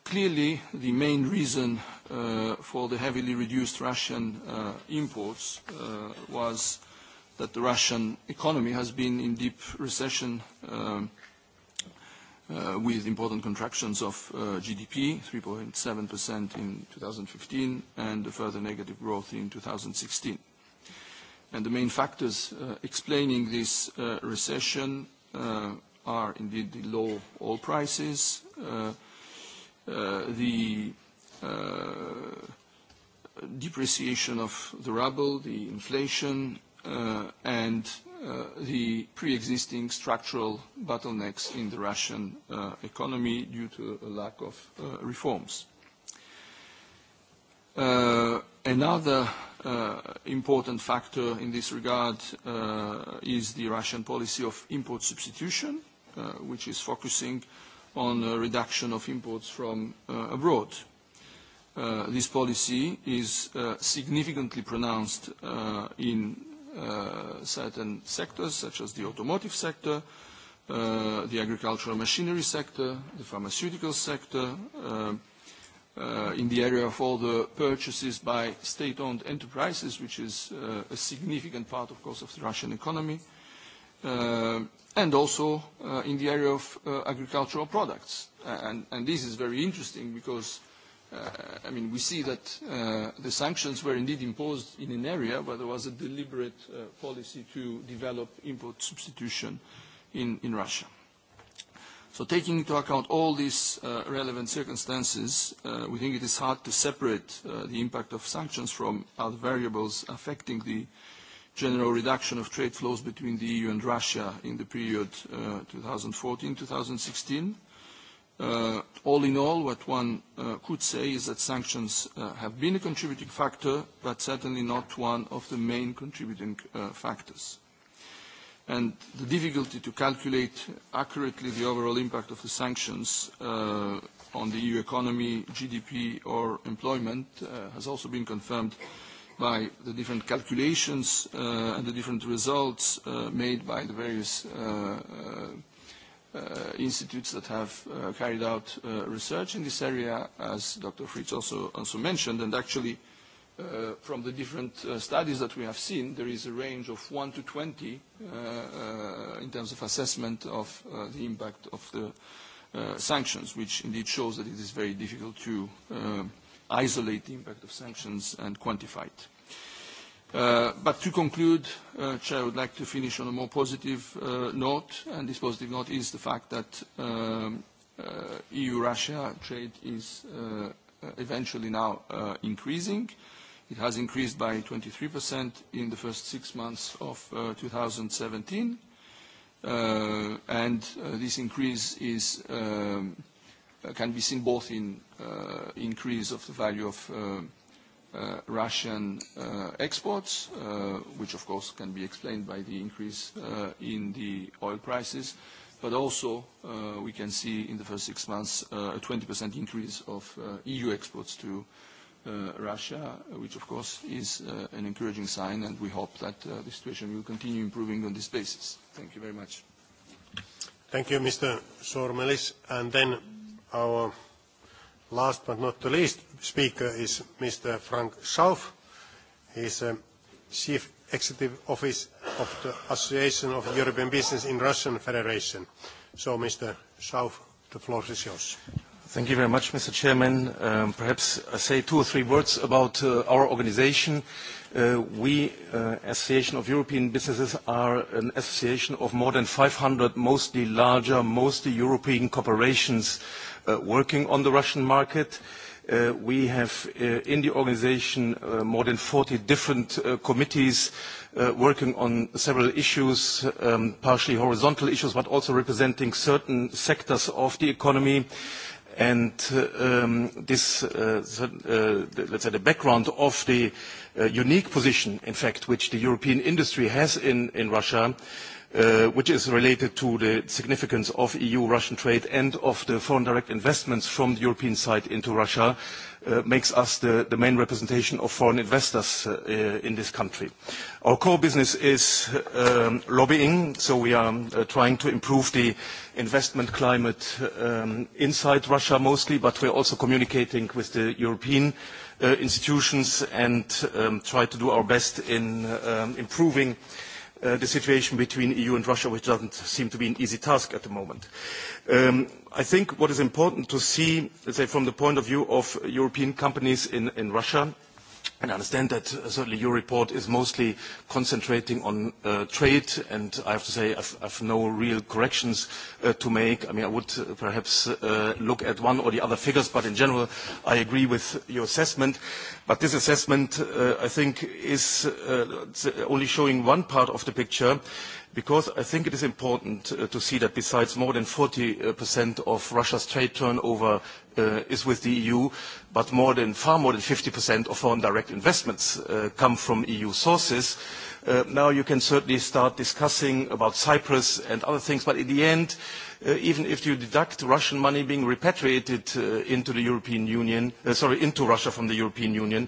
Clearly, the main reason uh, for the heavily reduced Russian uh, imports uh, was that the Russian economy has been in deep recession um, with important contractions of GDP, 3.7% in 2015, and a further negative growth in 2016. The main factors explaining this recession are indeed the low oil prices, Uh, the uh, depreciation of the ruble, the inflation, uh, and the preexisting structural bottlenecks in the Russian economy due to a lack of reforms. Another important factor in this regard is the Russian policy of import substitution, which is focusing on a reduction of imports from uh, abroad. Uh, this policy is uh, significantly pronounced uh, in uh, certain sectors, such as the automotive sector, uh, the agricultural machinery sector, the pharmaceutical sector, uh, uh, in the area of all the purchases by state-owned enterprises, which is uh, a significant part, of course, of the Russian economy. Uh, Uh, and also uh, in the area of uh, agricultural products. This is very interesting because we see that the sanctions were indeed imposed in an area where there was a deliberate policy to develop import substitution in Russia. Taking into account all these relevant circumstances, we think it is hard to separate the impact of sanctions from other variables affecting the general reduction of trade flows between the EU and Russia in the period 2014-2016. Uh, uh, all in all, what one uh, could say is that sanctions have been a contributing factor, but certainly not one of the main contributing factors. The difficulty to calculate accurately the overall impact of the sanctions on the EU economy, GDP, or employment has also been confirmed by the different calculations uh, and the different results uh, made by the various uh, institutes that have carried out research in this area, as Dr. Fritz also mentioned. Actually, from the different studies that we have seen, there is a range of one to 20 in terms of assessment of the impact of the sanctions, which indeed shows that it is very difficult to isolate the impact of sanctions and quantify it. Uh, but to conclude, uh, Chair, I would like to finish on a more positive uh, note, and this positive note is the fact that um, uh, EU-Russia trade is uh, eventually now uh, increasing. It has increased by 23% in the first six months of uh, 2017, uh, and uh, this increase is um, Uh, can be seen both in uh, increase of the value of uh, Russian exports, which of course can be explained by the increase in the oil prices. Also, we can see in the first six months, a 20% increase of EU exports to Russia, which of course is an encouraging sign, and we hope that the situation will continue improving on this basis. Thank you very much. Thank you, Mr. Sormelis. Our last but not the least speaker is Mr. Frank Schauff. He's a Chief Executive Officer of the Association of European Business in Russian Federation. So, Mr. Schauff, the floor is yours. Thank you very much, Mr. Chairman. Um, perhaps I say two or three words about uh, our organization. Uh, we, uh, Association of European Businesses, are an association of more than 500 mostly larger, mostly European corporations Uh, working on the Russian market. Uh, we have uh, in the organization more than 40 different committees working on several issues, um, partially horizontal issues, but also representing certain sectors of the economy. Um, this, let's say, the background of the uh, unique position, in fact, which the European industry has in, in Russia, uh, which is related to the significance of EU-Russian trade and of the foreign direct investments from the European side into Russia, uh, makes us the, the main representation of foreign investors uh, in this country. Our core business is um, lobbying, so we are uh, trying to improve the investment climate um, inside Russia mostly, but we're also communicating with the European uh, uh, institutions and um, try to do our best in um, improving uh, the situation between EU and Russia, which doesn't seem to be an easy task at the moment. Um, I think what is important to see, let's say, from the point of view of European companies in, in Russia, I understand that uh, certainly your report is mostly concentrating on uh, trade, and I have to say I've, I've no real corrections uh, to make. I mean, I would uh, perhaps uh, look at one or the other figures, but in general, I agree with your assessment. But this assessment, uh, I think, is uh, only showing one part of the picture, because I think it is important uh, to see that besides more than 40% uh, of Russia's trade turnover Uh, is with the EU, but more than, far more than 50% of foreign direct investments uh, come from EU sources. Uh, now you can certainly start discussing about Cyprus and other things, but in the end, uh, even if you deduct Russian money being repatriated uh, into the European Union, uh, sorry, into Russia from the European Union,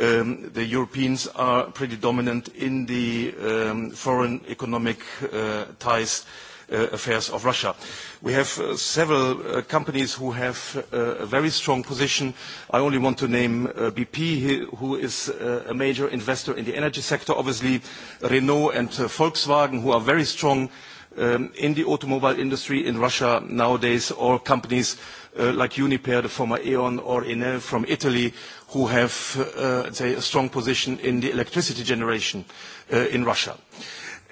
um, the Europeans are pretty dominant in the um, foreign economic uh, ties uh, affairs of Russia. We have uh, several uh, companies who have uh, a very strong position. I only want to name uh, BP, who is uh, a major investor in the energy sector, obviously Renault and uh, Volkswagen, who are very strong um, in the automobile industry in Russia nowadays, or companies uh, like Uniper, the former Eon, or Enel from Italy, who have uh, say, a strong position in the electricity generation uh, in Russia. Uh,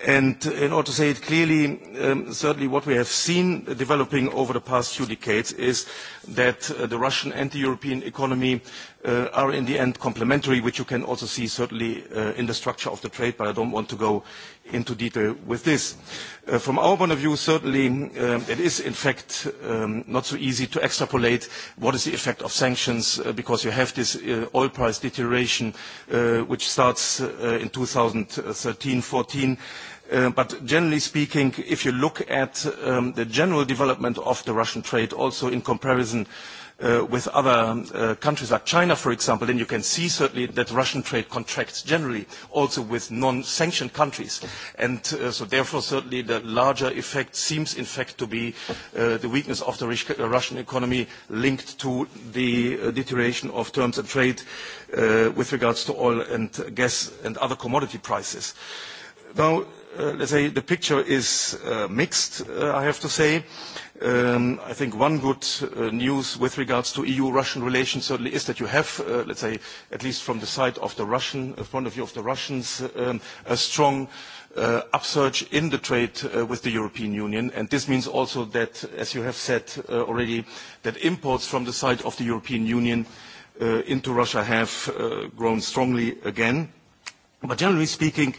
In order to say it clearly, um, certainly what we have seen developing over the past few decades is that uh, the Russian and the European economy uh, are in the end complementary, which you can also see certainly uh, in the structure of the trade, but I don't want to go into detail with this. Uh, from our point of view, certainly um, it is in fact um, not so easy to extrapolate what is the effect of sanctions uh, because you have this uh, oil price deterioration uh, which starts uh, in 2013-14. Uh, generally speaking, if you look at um, the general development of the Russian trade, also in comparison uh, with other um, uh, countries like China, for example, then you can see certainly that Russian trade contracts generally also with non-sanctioned countries. Therefore, certainly the larger effect seems in fact to be the weakness of the Russian economy linked to the deterioration of terms of trade with regards to oil and gas and other commodity prices. Now, Uh, let's say, the picture is uh, mixed, uh, I have to say. Um, I think one good news with regards to EU-Russian relations certainly is that you have, let's say, at least from the side of the Russian, point of view of the Russians, um, a strong upsurge in the trade with the European Union. This means also that, as you have said already, that imports from the side of the European Union into Russia have grown strongly again. Generally speaking,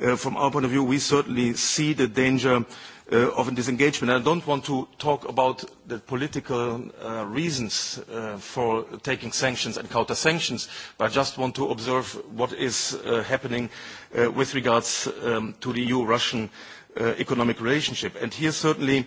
Uh, from our point of view, we certainly see the danger uh, of a disengagement. I don't want to talk about the political uh, reasons uh, for taking sanctions and counter-sanctions, but I just want to observe what is uh, happening uh, with regards um, to the EU-Russian uh, economic relationship. And here certainly uh,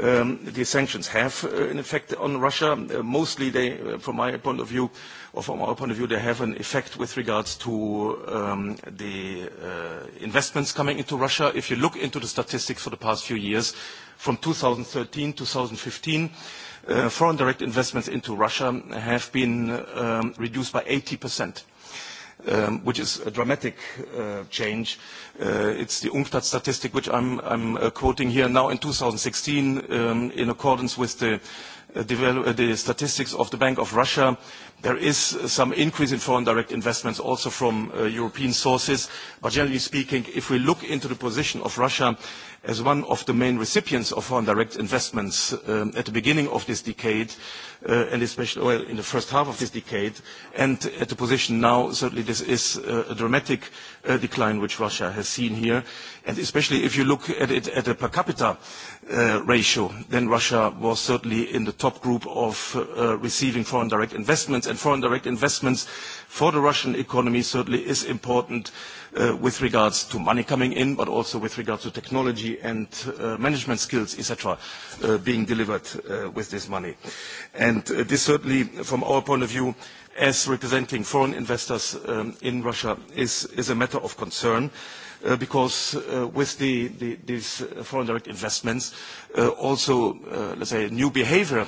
Um, the sanctions have uh, an effect on Russia. Uh, mostly, they, uh, from my point of view, or from our point of view, they have an effect with regards to um, the uh, investments coming into Russia. If you look into the statistics for the past few years, from 2013 to 2015, uh, foreign direct investments into Russia have been um, reduced by 80 percent. Uh, um, which is a dramatic uh, change. Uh, it's the UNCTAD statistic, which I'm, I'm uh, quoting here. Now, in 2016, um, in accordance with the, uh, develop, uh, the statistics of the Bank of Russia, there is some increase in foreign direct investments also from uh, European sources. But generally speaking, if we look into the position of Russia, uh, as one of the main recipients of foreign direct investments um, at the beginning of this decade, uh, and especially well, in the first half of this decade, and at the position now, certainly this is uh, a dramatic uh, decline which Russia has seen here. And especially if you look at it at a per capita uh, ratio, then Russia was certainly in the top group of uh, receiving foreign direct investments, and foreign direct investments for the Russian economy certainly is important. Uh, with regards to money coming in, but also with regards to technology and uh, management skills, etc., uh, being delivered uh, with this money. And uh, this certainly, from our point of view, as representing foreign investors um, in Russia, is, is a matter of concern. Uh, Uh, because uh, with these uh, foreign direct investments, also, let's say, new behavior,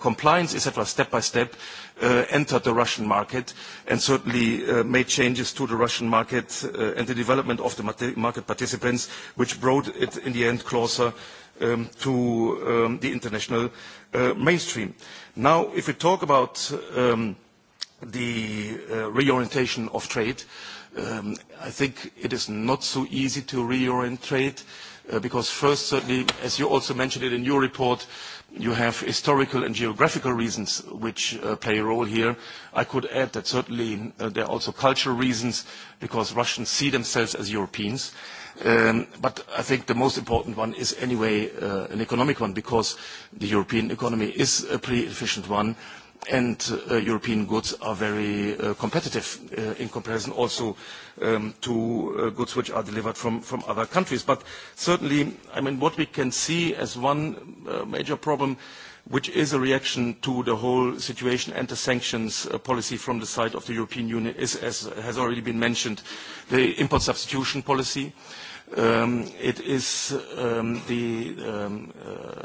compliance, et cetera, step by step, entered the Russian market and certainly made changes to the Russian market and the development of the market participants, which brought it, in the end, closer um, to um, the international mainstream. If we talk about um, the reorientation of trade, Um, I think it is not so easy to reorientate, uh, because first, certainly, as you also mentioned it in your report, you have historical and geographical reasons which uh, play a role here. I could add that certainly uh, there are also cultural reasons because Russians see themselves as Europeans. Um, I think the most important one is anyway an economic one, because the European economy is a pretty efficient one, and uh, European goods are very uh, competitive uh, in comparison also um, to goods which are delivered from other countries. Certainly, what we can see as one major problem, which is a reaction to the whole situation and the sanctions policy from the side of the European Union is, as has already been mentioned, the import substitution policy. Um, it is um, the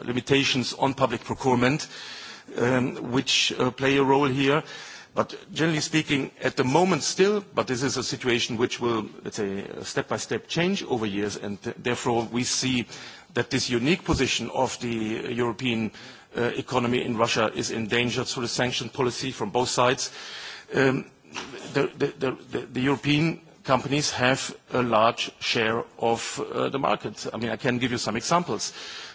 limitations on public procurement. Um, which uh, play a role here. Generally speaking, at the moment still, but this is a situation which will, let's say, step-by-step uh, change over years, and therefore, we see that this unique position of the uh, European economy in Russia is in danger through the sanction policy from both sides. Um, the European companies have a large share of uh, the market. I mean, I can give you some examples.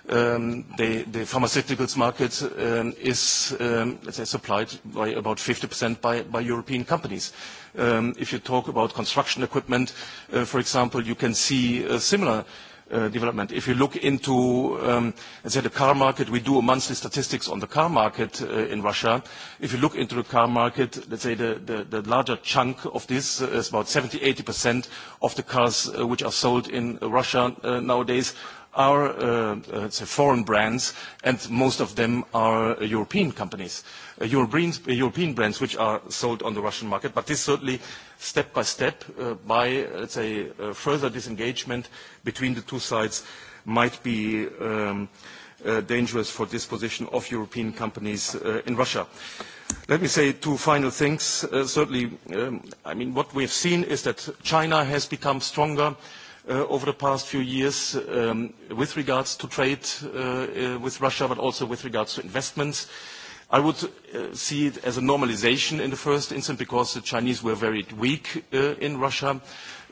Um, the, the pharmaceuticals market um, is, um, let's say, supplied by about 50% by, by European companies. Um, if you talk about construction equipment, uh, for example, you can see uh, similar uh, Uh, development. If you look into, um, let's say, the car market, we do monthly statistics on the car market uh, in Russia. If you look into the car market, let's say the larger chunk of this uh, is about 70%-80% of the cars which are sold in Russia nowadays are, let's say, foreign brands, and most of them are European companies. European brands which are sold on the Russian market. But this certainly, step by step, uh, by, let's say, uh, further disengagement between the two sides, might be um, uh, dangerous for this position of European companies uh, in Russia. Let me say two final things. Uh, certainly, um, I mean, what we have seen is that China has become stronger uh, over the past few years um, with regards to trade uh, uh, with Russia, but also with regards to investments. Uh, I would uh, see it as a normalization in the first instance because the Chinese were very weak uh, in Russia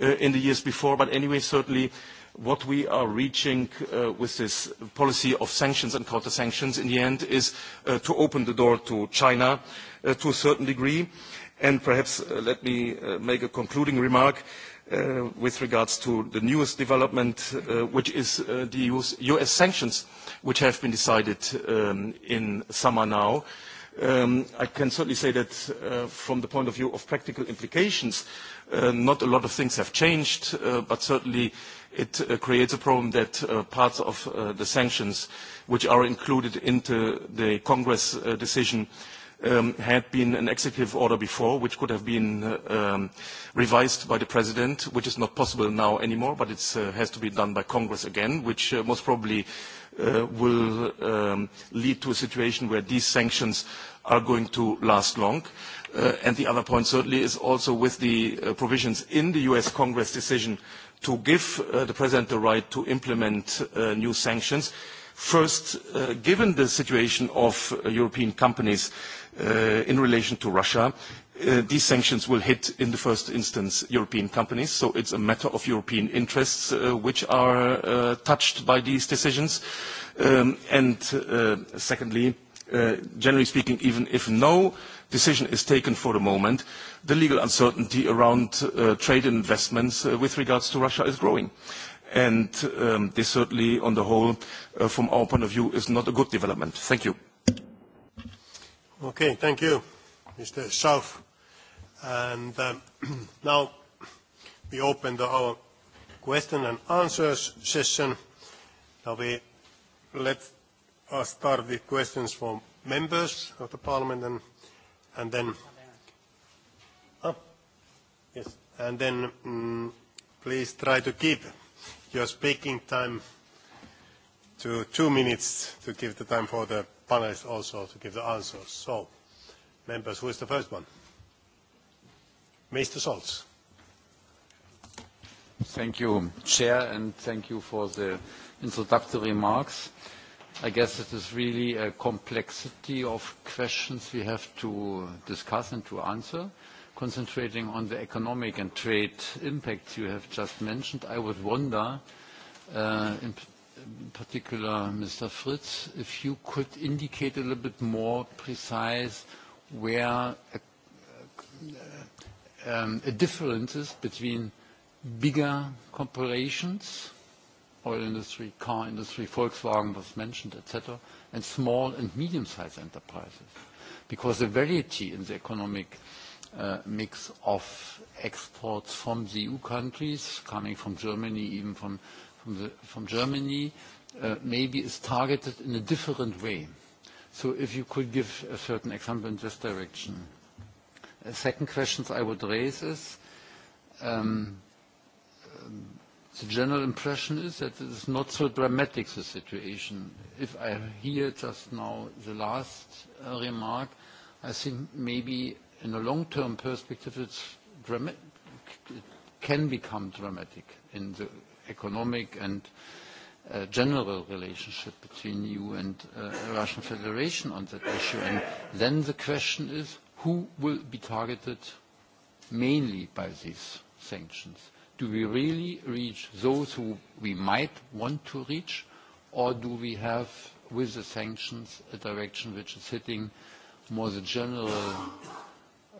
uh, in the years before. But anyway, certainly what we are reaching uh, with this policy of sanctions and counter-sanctions in the end is uh, to open the door to China uh, to a certain degree. And perhaps uh, let me uh, make a concluding remark. Uh, with regards to the newest development, uh, which is uh, the US, US sanctions uh, which have been decided um, in summer now. Um, I can certainly say that uh, from the point of view of practical implications, uh, not a lot of things have changed, uh, but certainly it uh, creates a problem that uh, parts of uh, the sanctions which are included into the Congress uh, decision uh, um, had been an executive order before, which could have been uh, um, revised by the president, which is not possible now anymore, but it uh, has to be done by Congress again, which uh, most probably uh, will um, lead to a situation where these sanctions are going to last long. Uh, and the other point certainly is also with the uh, provisions in the US Congress decision to give uh, the president the right to implement uh, new sanctions. First, uh, given the situation of uh, European companies uh, uh, in relation to Russia, uh, these sanctions will hit in the first instance European companies, so it's a matter of European interests uh, which are uh, touched by these decisions. Um, and uh, secondly, uh, generally speaking, even if no decision is taken for the moment, the legal uncertainty around uh, trade and investments uh, with regards to Russia is growing. And um, this certainly, on the whole, uh, from our point of view, is not a good development. Thank you. Okay, thank you, Mr. Schauf. And um, now we open the, our question and answers session. Now we let us start with questions from members of the parliament and, and then. Oh, yes, and then um, please try to keep your speaking time to two minutes to give the time for the panelists also to give the answers. So, members, who is the first one? Mr. Scholz. Thank you, Chair, and thank you for the introductory remarks. I guess it is really a complexity of questions we have to discuss and to answer. Concentrating on the economic and trade impacts you have just mentioned, I would wonder, uh, in in particular, Mr. Fritz, if you could indicate a little bit more precise where a, a, um, a difference is between bigger corporations, oil industry, car industry, Volkswagen was mentioned, etc., and small and medium-sized enterprises. Because the variety in the economic uh, mix of exports from the EU countries, coming from Germany, even from from Germany uh, maybe is targeted in a different way. If you could give a certain example in this direction. Second questions I would raise is, um, the general impression is that it is not so dramatic, the situation. If I hear just now the last uh, remark, I think maybe in a long-term perspective, it can become dramatic in economic and uh, general relationship between EU e and uh, Russian Federation on that issue. And then the question is, who will be targeted mainly by these sanctions? Do we really reach those who we might want to reach, or do we have with the sanctions a direction which is hitting more the general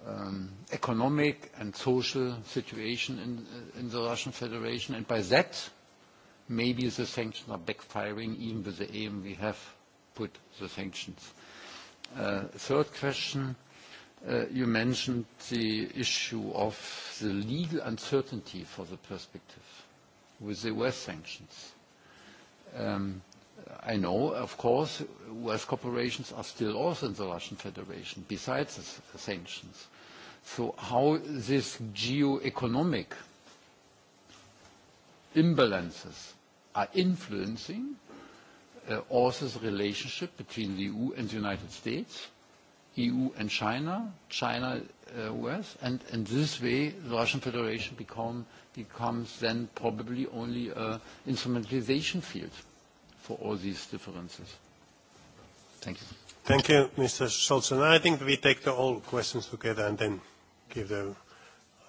Um, economic and social situation in uh, the Russian Federation. By that, maybe the sanctions are backfiring even with the aim we have put the sanctions. Uh, third question, uh, you mentioned the issue of the legal uncertainty for the perspective with the U.S. sanctions. Um, I know, of course, U.S. corporations are still also in the Russian Federation besides the sanctions. So how this geoeconomic imbalances are influencing uh, also the relationship between the EU and the United States, EU and China, China, U.S., uh, and in this way, the Russian Federation becomes then probably only an instrumentalization field for all these differences. Thank you. Thank you, Mr. Scholz. I think we take the all questions together and then give the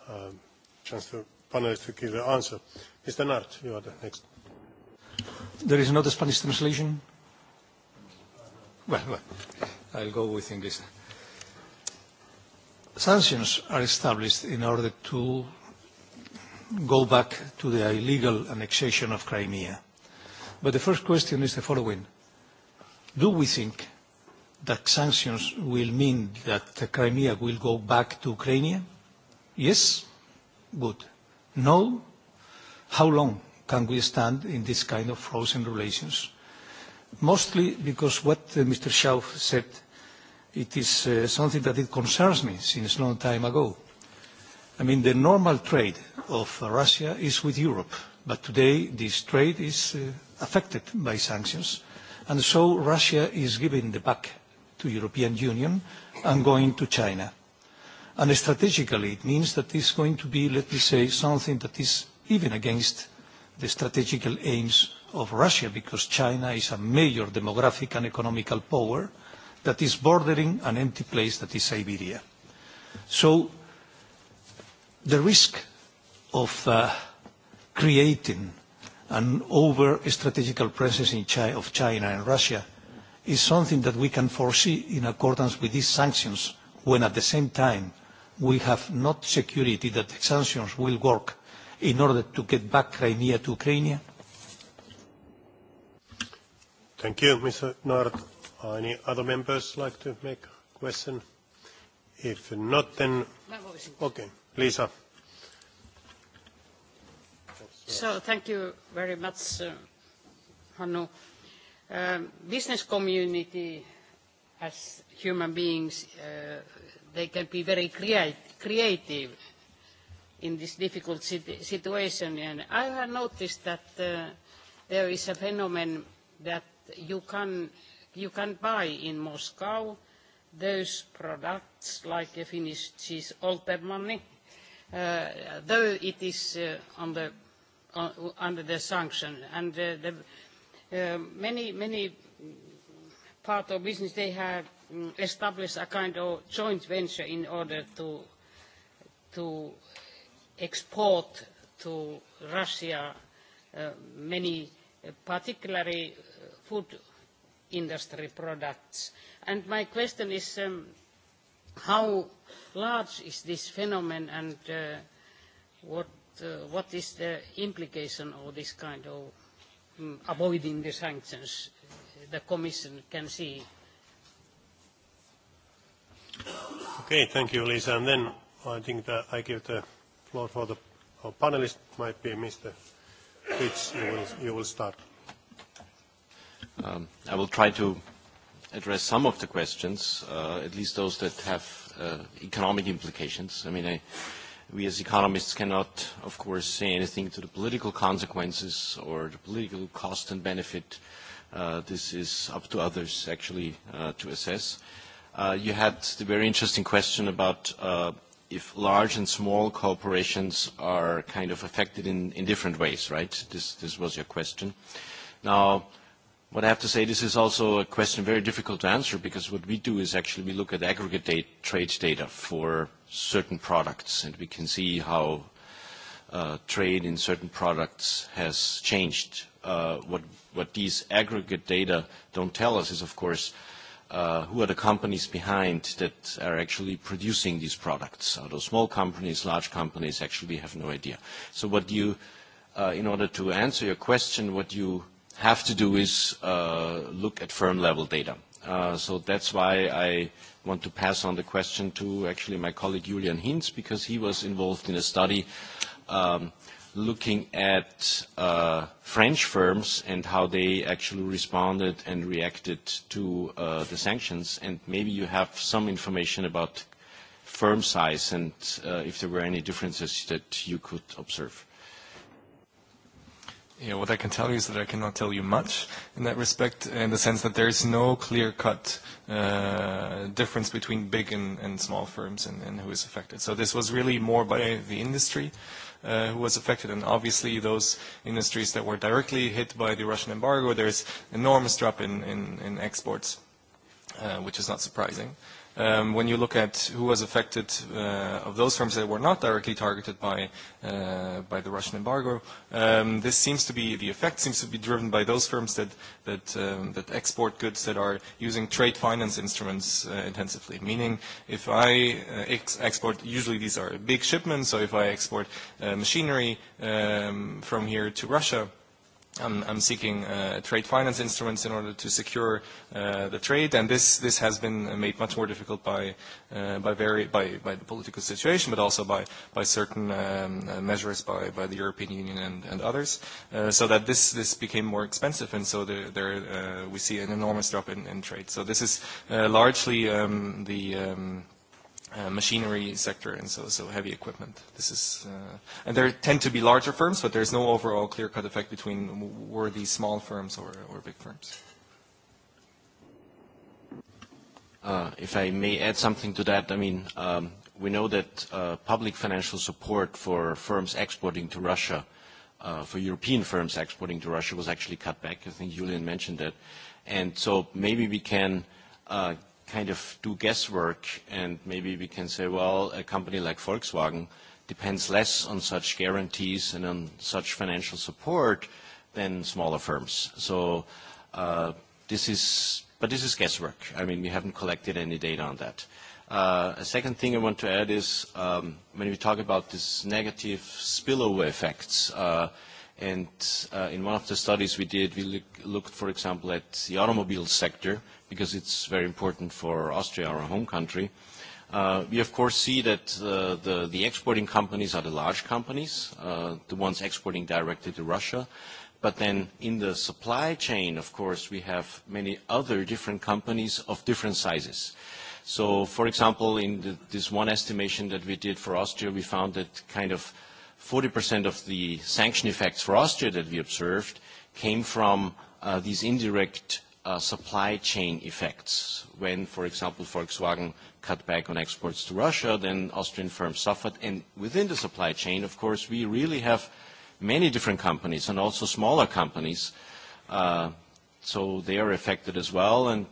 um, chance for panelists to give the answer. Mr. Nart, you are the next. There is another Spanish translation. Well, well, I'll go with English. Sanctions are established in order to go back to the illegal annexation of Crimea. But the first question is the following. Do we think that sanctions will mean that the Crimea will go back to Ukraine? Yes? Good. No? How long can we stand in this kind of frozen relations? Mostly because what uh, Mr. Schauf said, it is uh, something that it concerns me since a long time ago. I mean, the normal trade of uh, Russia is with Europe, but today this trade is uh, affected by sanctions, and so Russia is giving the back to European Union and going to China. And strategically, it means that it's going to be, let me say, something that is even against the strategical aims of Russia, because China is a major demographic and economical power that is bordering an empty place that is Siberia. So the risk of uh, creating an over-strategical presence in chi of China and Russia is something that we can foresee in accordance with these sanctions when at the same time we have not security that the sanctions will work in order to get back Crimea to Ukraine? Thank you, Mr. Nord. Are any other members like to make a question? If not, then... Okay, Lisa. So thank you very much, uh, Hannu. Um, business community as human beings, uh, they can be very creat- creative in this difficult sit- situation. And I have noticed that uh, there is a phenomenon that you can, you can buy in Moscow those products like a Finnish cheese altered money, uh, though it is uh, on the, uh, under the sanction. And uh, the Um, many part of business, they have um, established a kind of joint venture in order to export to Russia uh, many uh, particularly uh, food industry products. My question is, um, how large is this phenomenon and what is the implication of this kind of Mm, avoiding the sanctions the Commission can see. Okay, thank you, Lisa. And then I think that I give the floor for the our panelist, might be Mr. Fitz, you will, you will start. Um, I will try to address some of the questions, uh, at least those that have uh, economic implications. I mean, I, uh, we as economists cannot, of course, say anything to the political consequences or the political cost and benefit. Uh, this is up to others, actually, uh, to assess. Uh, you had the very interesting question about uh, if large and small corporations are kind of affected in, in different ways, right? This, this was your question. Now, what I have to say, this is also a question very difficult to answer because what we do is actually we look at aggregate date, trade data for certain products, and we can see how uh, trade in certain products has changed. Uh, what, what these aggregate data don't tell us is, of course, uh, who are the companies behind that are actually producing these products? Are those small companies, large companies? Actually, have no idea. So, what you, uh, in order to answer your question, what you have to do is uh, look at firm-level data. Uh, so that's why I want to pass on the question to actually my colleague Julian Hinz, because he was involved in a study um, looking at uh, French firms and how they actually responded and reacted to uh, the sanctions. And maybe you have some information about firm size and uh, if there were any differences that you could observe. Yeah, what I can tell you is that I cannot tell you much in that respect, in the sense that there is no clear-cut uh, difference between big and, and small firms and, and who is affected. So this was really more by the industry uh, who was affected, and obviously those industries that were directly hit by the Russian embargo, there is enormous drop in, in, in exports, uh, which is not surprising. Uh, um, when you look at who was affected uh, of those firms that were not directly targeted by uh, by the Russian embargo, um, this seems to be the effect seems to be driven by those firms that that um, that export goods that are using trade finance instruments uh, intensively. Meaning, if I uh, ex export, usually these are big shipments. So if I export uh, machinery um, from here to Russia. I'm, I'm seeking uh, trade finance instruments in order to secure uh, the trade, and this, this has been made much more difficult by, uh, by, very, by, by the political situation, but also by, by certain um, uh, measures by, by the European Union and, and others, uh, so that this, this became more expensive, and so there, there, uh, we see an enormous drop in, in trade. So this is uh, largely um, the, um, Uh, machinery sector and so so heavy equipment. This is uh, and there tend to be larger firms, but there's no overall clear cut effect between were these small firms or or big firms. Uh, if I may add something to that, I mean um, we know that uh, public financial support for firms exporting to Russia, uh, for European firms exporting to Russia, was actually cut back. I think Julian mentioned that, and so maybe we can. Uh, kind of do guesswork, and maybe we can say, well, a company like Volkswagen depends less on such guarantees and on such financial support than smaller firms. Uh, this is guesswork. I mean, we haven't collected any data on that. Uh, a second thing I want to add is, um, when we talk about this negative spillover effects, uh, and in one of the studies we did, we looked, for example, at the automobile sector, because it's very important for Austria, our home country. Uh, we, of course, see that uh, the, the exporting companies are the large companies, uh, the ones exporting directly to Russia. But then in the supply chain, of course, we have many other different companies of different sizes. So, for example, in the, this one estimation that we did for Austria, we found that kind of 40% of the sanction effects for Austria that we observed came from uh, these indirect Uh, supply chain effects. When, for example, Volkswagen cut back on exports to Russia, then Austrian firms suffered. And within the supply chain, of course, we really have many different companies and also smaller companies. Uh, so they are affected as well. And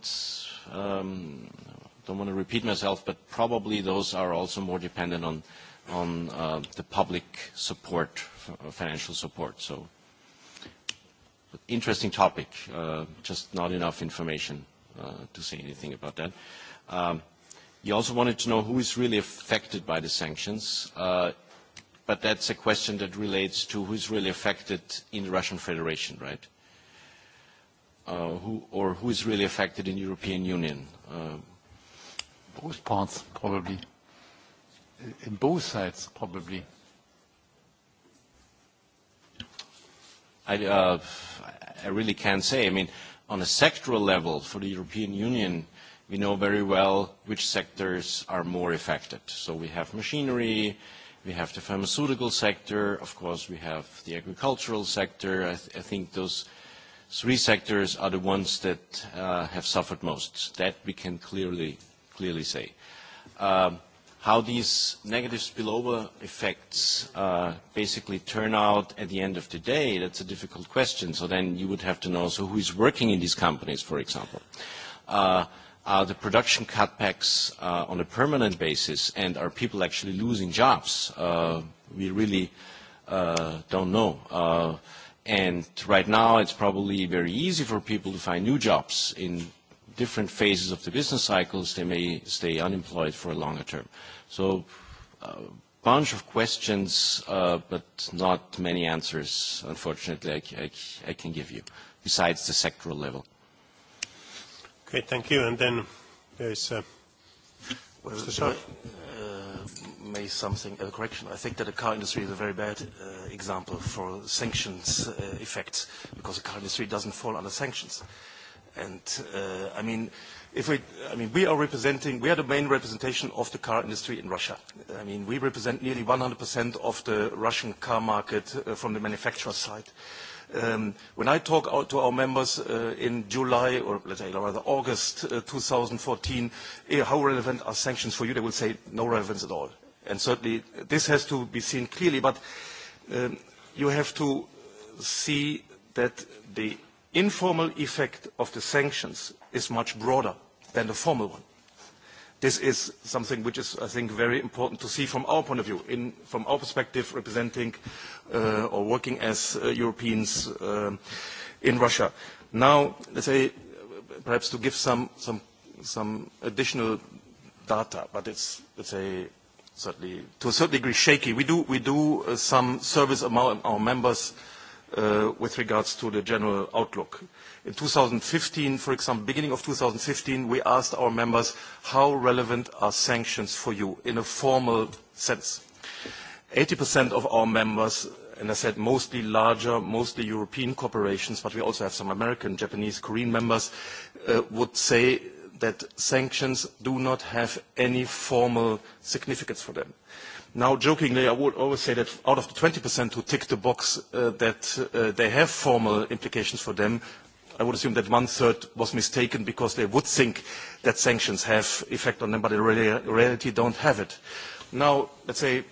um, I don't want to repeat myself, but probably those are also more dependent on, on uh, the public support, financial support. So interesting topic, uh, just not enough information uh, to say anything about that. Um, you also wanted to know who is really affected by the sanctions, uh, but that's a question that relates to who is really affected in the Russian Federation, right? Uh, who, or who is really affected in the European Union? Uh, both parts, probably. In both sides, probably. I, uh, I really can't say. I mean, on a sectoral level for the European Union, we know very well which sectors are more affected. So we have machinery, we have the pharmaceutical sector, of course we have the agricultural sector. I, th I think those three sectors are the ones that uh, have suffered most. That we can clearly, clearly say. Uh, how these negative spillover effects uh, basically turn out at the end of the day, that's a difficult question. So then you would have to know, so who is working in these companies, for example? Uh, are the production cutbacks uh, on a permanent basis, and are people actually losing jobs? Uh, we really uh, don't know. Uh, and right now, it's probably very easy for people to find new jobs in different phases of the business cycles, they may stay unemployed for a longer term. So a uh, bunch of questions, uh, but not many answers, unfortunately, I, I, I can give you, besides the sectoral level. Okay, thank you. And then there is uh, well, Mr. Sharp. Uh, may something, a correction. I think that the car industry is a very bad uh, example for sanctions uh, effects because the car industry doesn't fall under sanctions. Uh, and uh, I mean, if we, I mean, we are representing, we are the main representation of the car industry in Russia. I mean, we represent nearly 100% of the Russian car market uh, from the manufacturer side. Um, when I talk out to our members uh, in July, or let's say rather August uh, 2014, eh, how relevant are sanctions for you? They will say no relevance at all. And certainly this has to be seen clearly, but um, you have to see that the informal effect of the sanctions is much broader than the formal one. This is something which is, I think, very important to see from our point of view, in, from our perspective representing uh, or working as uh, Europeans uh, in Russia. Now, let's say, perhaps to give some, some, some additional data, but it's, let's say, certainly, to a certain degree shaky. We do, we do uh, some service among our members uh, Uh, with regards to the general outlook. In 2015, for example, beginning of 2015, we asked our members, how relevant are sanctions for you in a formal sense? 80% of our members, and I said mostly larger, mostly European corporations, but we also have some American, Japanese, Korean members, uh, would say that sanctions do not have any formal significance for them. Now, jokingly, I would always say that out of the 20% who tick the box uh, that uh, they have formal implications for them, I would assume that one third was mistaken because they would think that sanctions have effect on them, but in reality don't have it. Now, let's say,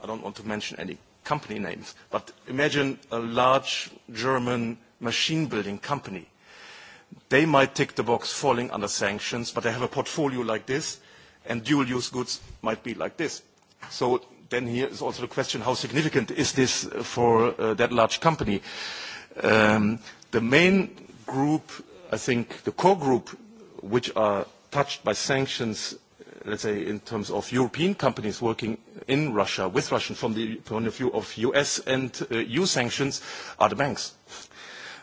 I don't want to mention any company names, but imagine a large German machine building company. They might tick the box falling under sanctions, but they have a portfolio like this, and dual use goods might be like this. Here is also the question, how significant is this for uh, that large company? Um, the main group, I think the core group, which are touched by sanctions, uh, let's say, in terms of European companies working in Russia, with Russia from the point of view of U.S. and uh, EU sanctions, are the banks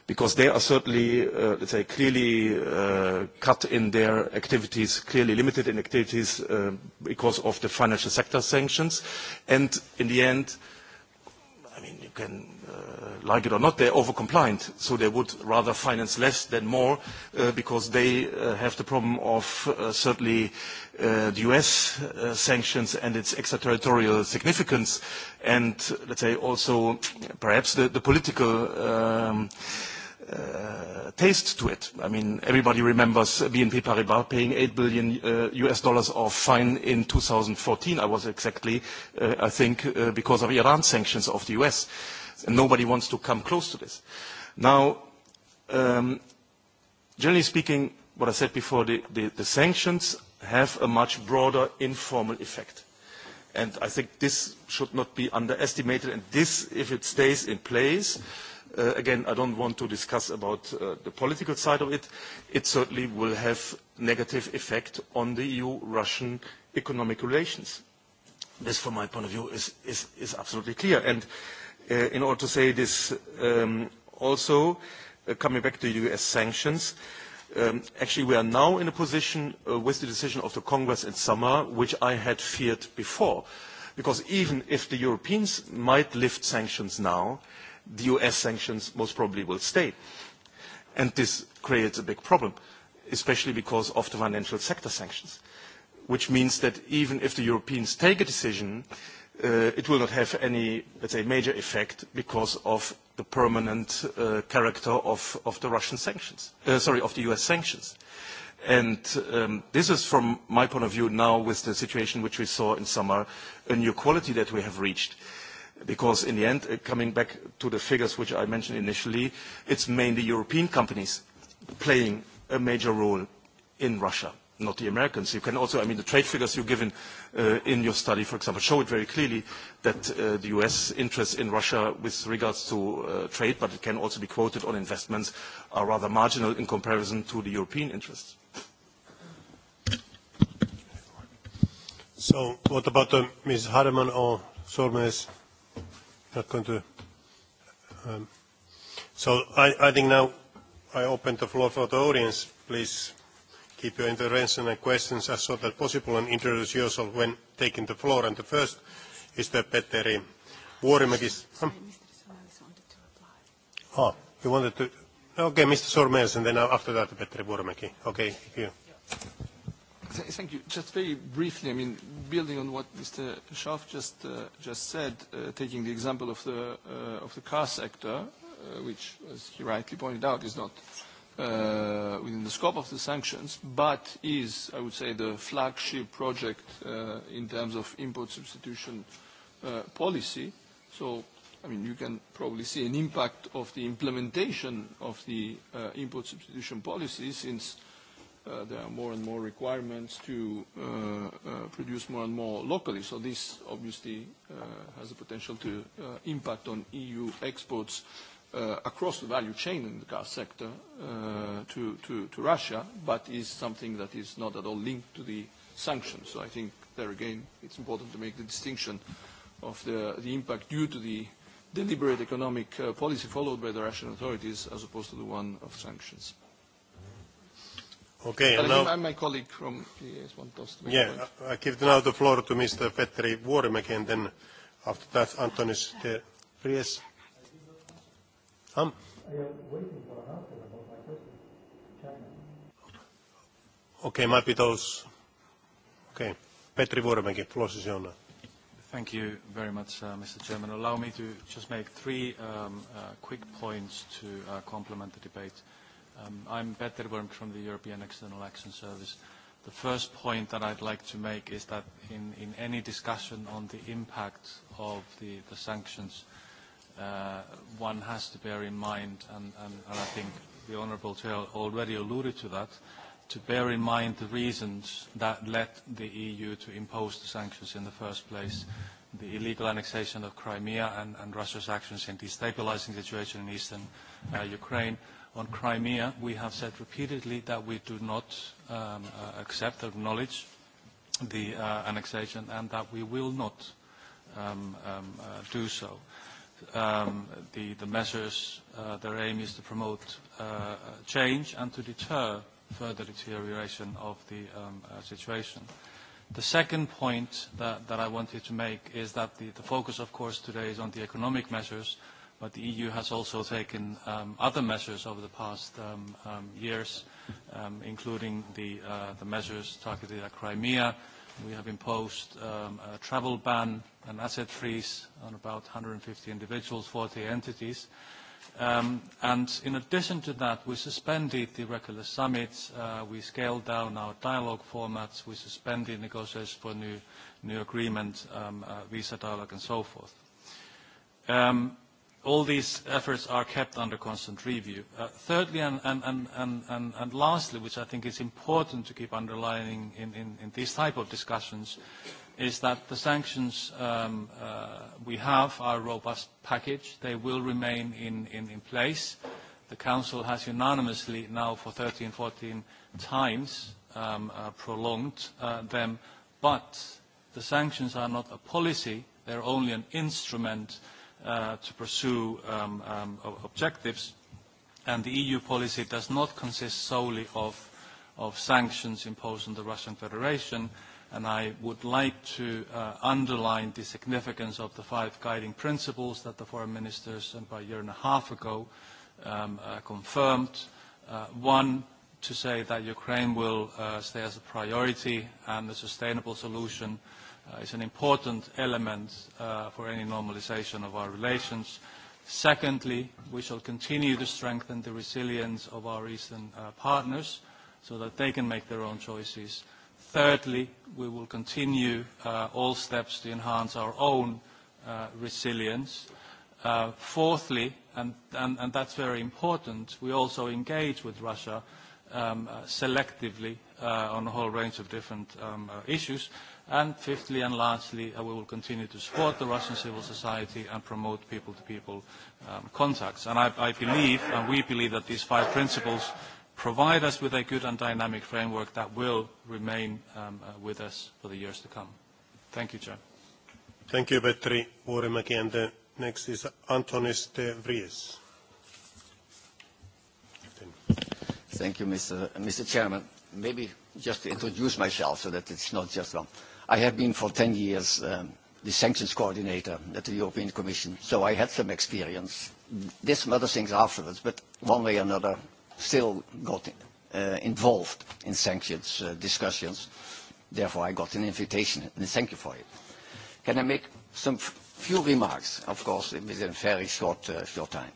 because they are certainly, uh, let's say, clearly uh, cut in their activities, clearly limited in activities uh, because of the financial sector sanctions. And in the end, I mean, you can uh, like it or not, they're overcompliant. So they would rather finance less than more uh, because they uh, have the problem of uh, certainly uh, the US uh, sanctions and its extraterritorial significance. And let's say also perhaps the, the political um, uh, uh, taste to it. I mean, everybody remembers BNP Paribas paying 8 billion uh, US dollars of fine in 2014, I was exactly, uh, I think, uh, because of Iran sanctions of the US. And nobody wants to come close to this. Now, um, generally speaking, what I said before, the, the, the sanctions have a much broader informal effect. And I think this should not be underestimated. And this, if it stays in place, mm-hmm uh, again, I don't want to discuss about uh, the political side of it, it certainly will have negative effect on the EU-Russian economic relations. This, from my point of view, is, is, is absolutely clear. And uh, in order to say this um, also, uh, coming back to US sanctions, um, actually we are now in a position uh, with the decision of the Congress in summer, which I had feared before. Because even if the Europeans might lift sanctions now, uh, the US sanctions most probably will stay. And this creates a big problem, especially because of the financial sector sanctions, which means that even if the Europeans take a decision, uh, it will not have any, let's say, major effect because of the permanent uh, character of, of the Russian sanctions, uh, sorry, of the US sanctions. And um, this is, from my point of view now, with the situation which we saw in summer, a new quality that we have reached. Uh, because in the end, uh, coming back to the figures which I mentioned initially, it's mainly European companies playing a major role in Russia, not the Americans. You can also, I mean, the trade figures you've given uh, in your study, for example, show it very clearly that uh, the U.S. interests in Russia with regards to uh, trade, but it can also be quoted on investments, are rather marginal in comparison to the European interests. So what about uh, Ms. Hardeman or Sormes? going to. Um, so I, I think now I open the floor for the audience. Please keep your intervention and questions as short as possible and introduce yourself when taking the floor. And the first is the Petteri Vuorimäki. Huh? Hmm? Ah, oh, you wanted to... Okay, Mr. Sormels, and then after that, Petteri Vuorimäki. Okay, here. Yeah. Thank you. Just very briefly, I mean, building on what Mr. Scharff uh, just said, uh, taking the example of the uh, car sector, which, as he rightly pointed out, is not within the scope of the sanctions, but is, I would say, the flagship project in terms of import substitution policy. So, I mean, you can probably see an impact of the implementation of the import substitution policy since Uh, there are more and more requirements to uh, uh, produce more and more locally. So this obviously uh, has the potential to uh, impact on EU exports uh, across the value chain in the car sector uh, to, to, to Russia, but is something that is not at all linked to the sanctions. So I think there again, it's important to make the distinction of the, the impact due to the deliberate economic uh, policy followed by the Russian authorities as opposed to the one of sanctions. Okay, and now... My colleague from PS want us to... Yeah, I give now the floor to Mr. Petri Vuorenmäki, and then after that, Anton is there. Yes. I am waiting for an answer about my question. China. Okay, might be those. Okay. Petri Vuorenmäki, floor is yours now. Thank you very much, uh, Mr. Chairman. Allow me to just make three um, uh, quick points to uh, complement the debate. Um, I'm Peter Worm from the European External Action Service. The first point that I'd like to make is that in, in any discussion on the impact of the, the sanctions, uh, one has to bear in mind, and, and, and I think the Honourable Chair already alluded to that, to bear in mind the reasons that led the EU to impose the sanctions in the first place, the illegal annexation of Crimea and, and Russia's actions in destabilizing the situation in eastern uh, Ukraine. On Crimea, we have said repeatedly that we do not um, uh, accept, acknowledge the uh, annexation and that we will not um, um, uh, do so. Um, the, the measures, uh, their aim is to promote uh, change and to deter further deterioration of the um, uh, situation. The second point that, that I wanted to make is that the, the focus, of course, today is on the economic measures, uh, But the EU has also taken um, other measures over the past um, um, years, um, including the, uh, the measures targeted at Crimea. We have imposed um, a travel ban, an asset freeze on about 150 individuals, 40 entities. Um, and in addition to that, we suspended the regular summits. Uh, we scaled down our dialogue formats. We suspended negotiations for new, new agreements, um, uh, visa dialogue, and so forth. Um, all these efforts are kept under constant review. Uh, thirdly and, and, and, and, and lastly, which I think is important to keep underlining in, in, in these type of discussions, is that the sanctions um, uh, we have are a robust package. They will remain in, in, in place. The Council has unanimously now for 13, 14 times um, uh, prolonged uh, them, but the sanctions are not a policy, they're only an instrument uh, Uh, to pursue um, um, objectives. The EU policy does not consist solely of sanctions imposed on the Russian Federation, and I would like to uh, underline the significance of the five guiding principles that the foreign ministers about a year and a half ago um, uh, confirmed. One, to say that Ukraine will stay as a priority and a sustainable solution Uh, is an important element uh, for any normalization of our relations. Secondly, we shall continue to strengthen the resilience of our eastern uh, partners so that they can make their own choices. Thirdly, we will continue uh, all steps to enhance our own uh, resilience. Uh, fourthly, and, and, and that's very important, we also engage with Russia um, uh, selectively uh, on a whole range of different um, uh, issues. And fifthly and lastly, uh, we will continue to support the Russian civil society and promote people-to-people um, contacts. And I, I believe, and we believe, that these five principles provide us with a good and dynamic framework that will remain um, uh, with us for the years to come. Thank you, Chair. Thank you, Petri Uremäki. And uh, next is Antonis de Vries. Thank you, Mr. Mr. Chairman. Maybe just to introduce myself so that it's not just one. Uh, I have been for 10 years um, the sanctions coordinator at the European Commission, so I had some experience. Did some other things afterwards, but one way or another, still got uh, involved in sanctions uh, discussions. Therefore, I got an invitation, and thank you for it. Can I make some f few remarks, of course, within a very short, uh, short time?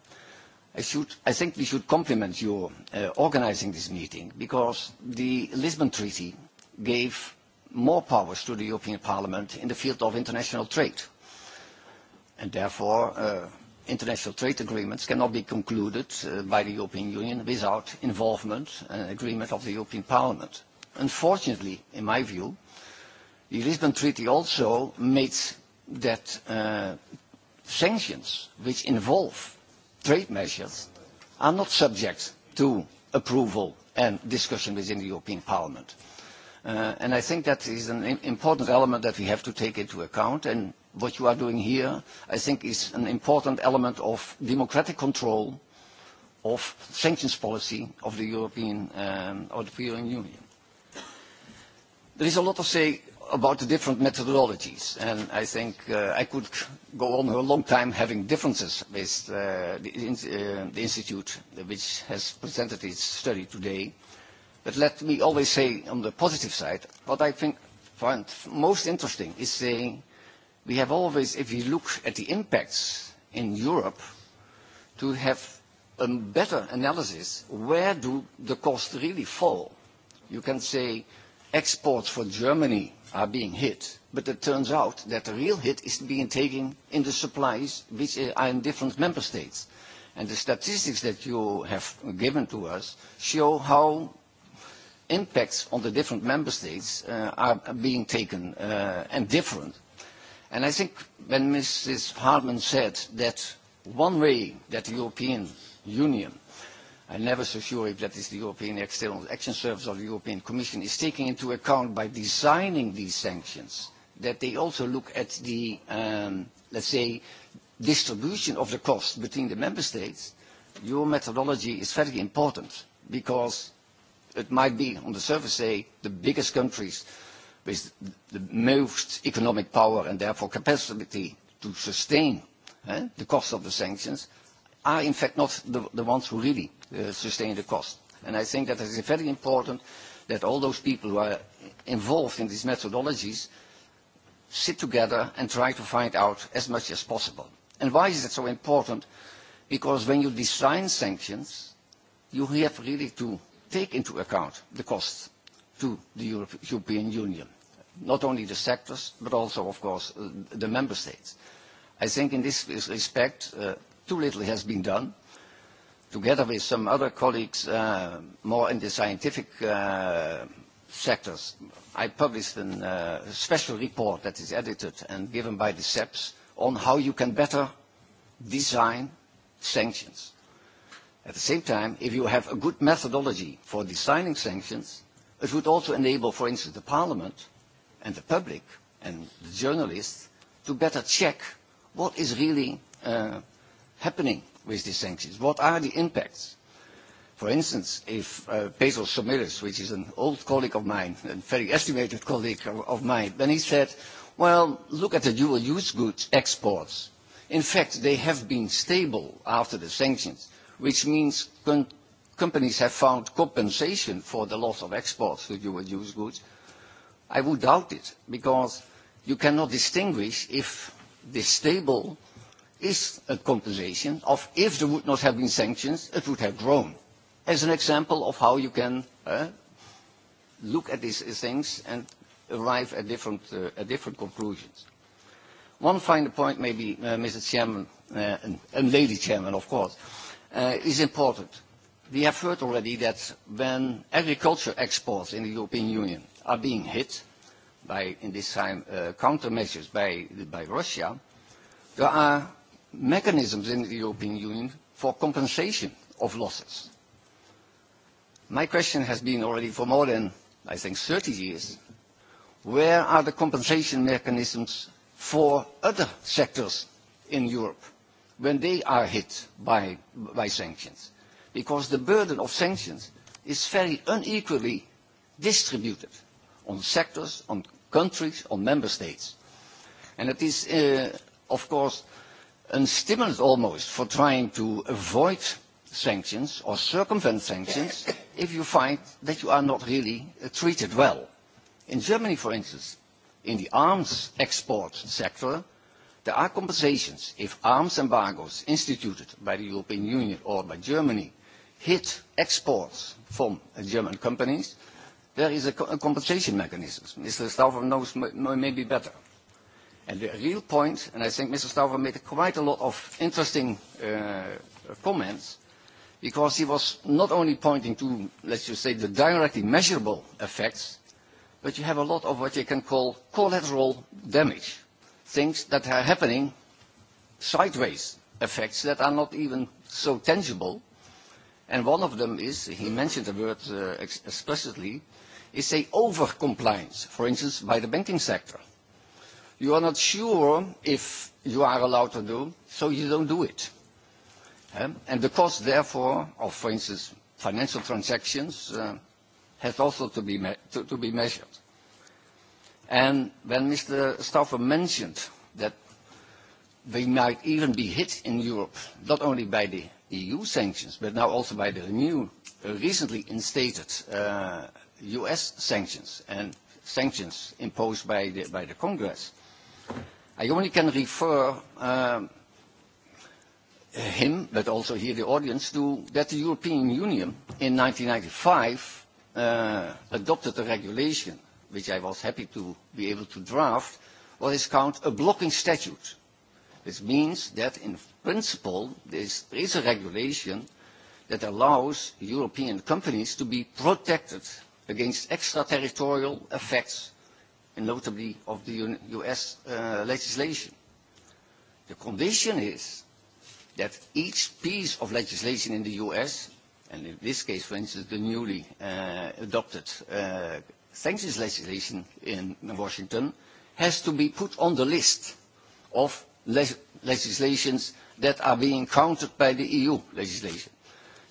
I, should, I think we should compliment you uh, organizing this meeting, because the Lisbon Treaty gave more powers to the European Parliament in the field of international trade. And therefore, uh, international trade agreements cannot be concluded uh, by the European Union without involvement and agreement of the European Parliament. Unfortunately, in my view, the Lisbon Treaty also makes that uh, sanctions which involve trade measures are not subject to approval and discussion within the European Parliament. Uh, I think that is an important element that we have to take into account. What you are doing here, I think is an important element of democratic control of sanctions policy of the European um, Union. There is a lot to say about the different methodologies. I think uh, I could go on a long time having differences with uh, the institute which has presented its study today. Let me always say on the positive side, what I think find most interesting is saying we have always, if you look at the impacts in Europe, to have a better analysis, where do the costs really fall? You can say exports for Germany are being hit, but it turns out that the real hit is being taken in the supplies which are in different member states. The statistics that you have given to us show how impacts on the different member states uh, are being taken uh, and different. I think when Mrs. Hartmann said that one way that the European Union, I'm never so sure if that is the European External Action Service or the European Commission, is taking into account by designing these sanctions, that they also look at the, um, let's say, distribution of the cost between the member states, your methodology is very important because it might be on the surface say the biggest countries with the most economic power and therefore capacity to sustain eh, the cost of the sanctions are in fact not the, the ones who really uh, sustain the cost. And I think that it is very important that all those people who are involved in these methodologies sit together and try to find out as much as possible. And why is it so important? Because when you design sanctions, you have really to take into account the cost to the European Union, not only the sectors, but also, of course, uh, the member states. I think in this respect, uh, too little has been done. Together with some other colleagues, uh, more in the scientific sectors, I published a special report that is edited and given by the SEPS e on how you can better design sanctions. At the same time, if you have a good methodology for designing sanctions, it would also enable, for instance, the parliament and the public and the journalists to better check what is really uh, happening with these sanctions. What are the impacts? For instance, if uh, Basil Samiris, which is an old colleague of mine, a very estimated colleague of, of mine, when he said, well, look at the dual-use goods exports. In fact, they have been stable after the sanctions which means companies have found compensation for the loss of exports to dual use goods, I would doubt it because you cannot distinguish if this table is a compensation of if there would not have been sanctions, it would have grown. As an example of how you can uh, look at these things and arrive at different, uh, at different conclusions. One final point, maybe, uh, Mr. Chairman, uh, and, and Lady Chairman, of course uh, is important. We have heard already that when agriculture exports in the European Union are being hit by, in this time, uh, countermeasures by, by Russia, there are mechanisms in the European Union for compensation of losses. My question has been already for more than, I think, 30 years, where are the compensation mechanisms for other sectors in Europe? when they are hit by sanctions, because the burden of sanctions is very unequally distributed on sectors, on countries, on member states. It is, uh, of course, a stimulus almost for trying to avoid sanctions or circumvent sanctions if you find that you are not really uh, treated well. In Germany, for instance, in the arms export sector, There are compensations if arms embargoes instituted by the European Union or by Germany hit exports from uh, German companies. There is a compensation mechanism. Mr. Stauffer knows maybe better. The real point, and I think Mr. Stauffer made quite a lot of interesting uh, comments, because he was not only pointing to, let's just say, the directly measurable effects, but you have a lot of what you can call collateral damage things that are happening sideways, effects that are not even so tangible. And one of them is, he mentioned the word uh, ex explicitly, is say over-compliance, for instance, by the banking sector. You are not sure if you are allowed to do, so you don't do it. Um, and the cost, therefore, of, for instance, financial transactions uh, has also to be, me to, to be measured. And when Mr. Stauffer mentioned that we might even be hit in Europe, not only by the EU sanctions, but now also by the new, uh, recently instated uh, US sanctions and sanctions imposed by the, by the Congress, I only can refer um, him, but also here the audience, to that the European Union in 1995 uh, adopted a regulation which I was happy to be able to draft, what is called a blocking statute. This means that in principle, there is a regulation that allows European companies to be protected against extraterritorial effects, and notably of the US uh, legislation. The condition is that each piece of legislation in the US, and in this case, for instance, the newly uh, adopted uh, thanks to this legislation in Washington, has to be put on the list of le legislations that are being countered by the EU legislation.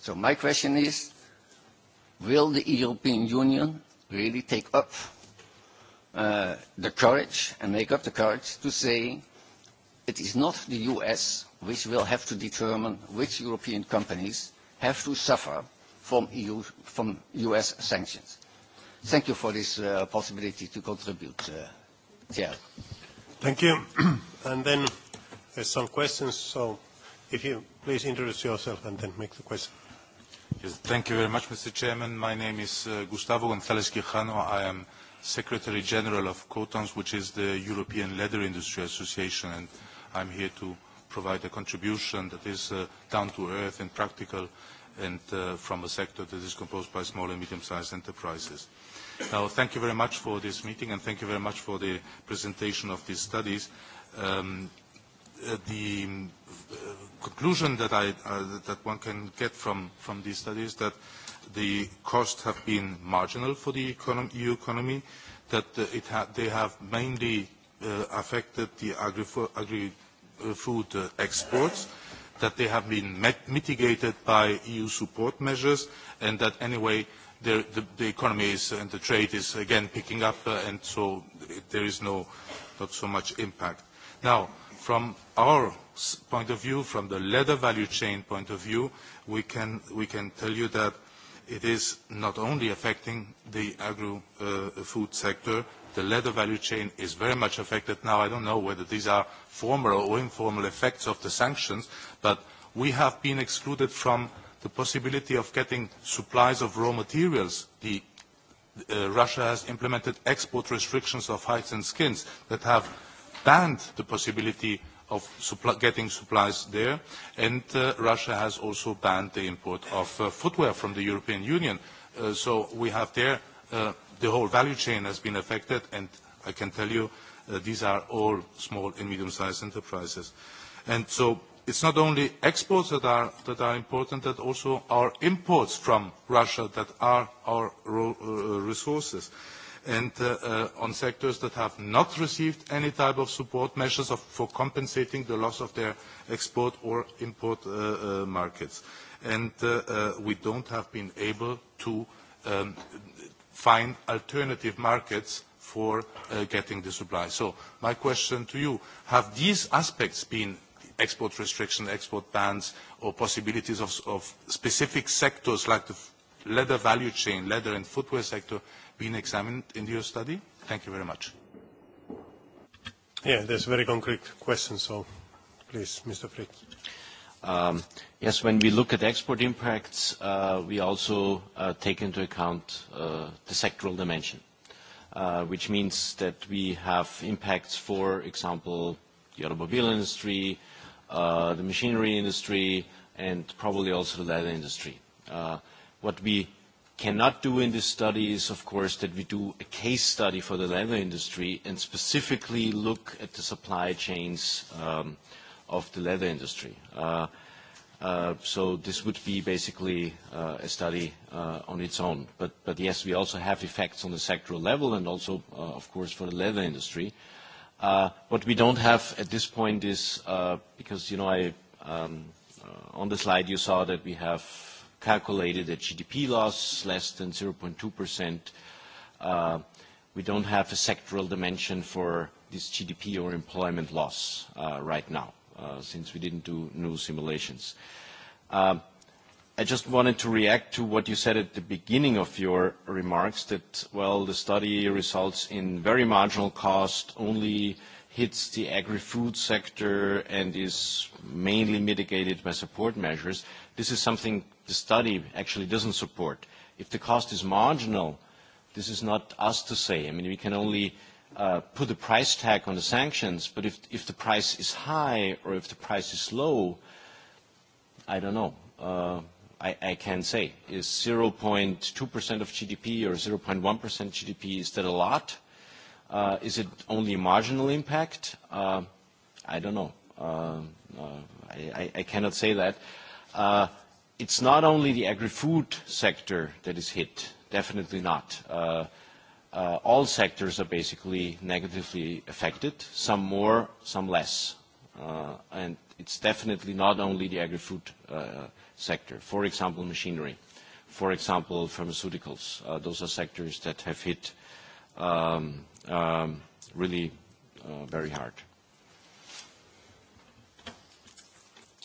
So my question is, will the European Union really take up uh, the courage and make up the courage to say it is not the US which will have to determine which European companies have to suffer from, EU, from US sanctions. Thank you for this uh, possibility to contribute, uh, Thierry. Thank you. and then there's some questions, so if you please introduce yourself and then make the question. Yes, thank you very much, Mr. Chairman. My name is uh, Gustavo González Quijano. I am Secretary General of COTONS, which is the European Leather Industry Association, and I'm here to provide a contribution that is uh, down to earth and practical and uh, from a sector that is composed by small and medium-sized enterprises. Now, thank you very much for this meeting and thank you very much for the presentation of these studies. Um, uh, the um, uh, conclusion that, I, uh, that one can get from, from these studies is that the costs have been marginal for the economy, EU economy, that uh, it ha they have mainly uh, affected the agri-food agri uh, uh exports that they have been met, mitigated by EU support measures and that anyway the, the, the economy is, and the trade is again picking up uh, and so there is no, not so much impact. Now, from our point of view, from the leather value chain point of view, we can, we can tell you that it is not only affecting the agro-food uh, sector, the leather value chain is very much affected now. I don't know whether these are formal or informal effects of the sanctions, but we have been excluded from the possibility of getting supplies of raw materials. The, uh, Russia has implemented export restrictions of hides and skins that have banned the possibility of suppl getting supplies there, and uh, Russia has also banned the import of uh, footwear from the European Union. Uh, so we have there, uh, the whole value chain has been affected, and I can tell you, Uh, these are all small and medium-sized enterprises. And so it's not only exports that are, that are important, but also our imports from Russia that are our uh, resources. And uh, uh, on sectors that have not received any type of support measures of, for compensating the loss of their export or import uh, uh, markets. And uh, uh, we don't have been able to um, find alternative markets for uh, getting the supply. So my question to you, have these aspects been export restrictions, export bans, or possibilities of, of specific sectors like the leather value chain, leather and footwear sector, been examined in your study? Thank you very much. Yeah, there's a very concrete question, so please, Mr. Frick. Um, yes, when we look at export impacts, uh, we also uh, take into account uh, the sectoral dimension. Uh, which means that we have impacts, for example, the automobile industry, uh, the machinery industry, and probably also the leather industry. Uh, what we cannot do in this study is, of course, that we do a case study for the leather industry and specifically look at the supply chains um, of the leather industry. Uh, so this would be basically uh, a study uh, on its own. But, but yes, we also have effects on the sectoral level and also, uh, of course, for the leather industry. Uh, what we don't have at this point is, uh, because, you know, I, um, uh, on the slide you saw that we have calculated a GDP loss less than 0.2%. Uh, we don't have a sectoral dimension for this GDP or employment loss uh, right now. Uh, since we didn't do new simulations. Uh, I just wanted to react to what you said at the beginning of your remarks that, well, the study results in very marginal cost, only hits the agri-food sector and is mainly mitigated by support measures. This is something the study actually doesn't support. If the cost is marginal, this is not us to say. I mean, we can only uh, Uh, put a price tag on the sanctions, but if, if the price is high or if the price is low, I don't know. Uh, I, I can't say. Is 0.2% of GDP or 0.1% GDP, is that a lot? Uh, is it only a marginal impact? Uh, I don't know. Uh, uh, I, I cannot say that. Uh, it's not only the agri-food sector that is hit, definitely not. Uh, Uh, all sectors are basically negatively affected, some more, some less. Uh, and it's definitely not only the agri-food uh, sector. For example, machinery. For example, pharmaceuticals. Uh, those are sectors that have hit um, um, really uh, very hard.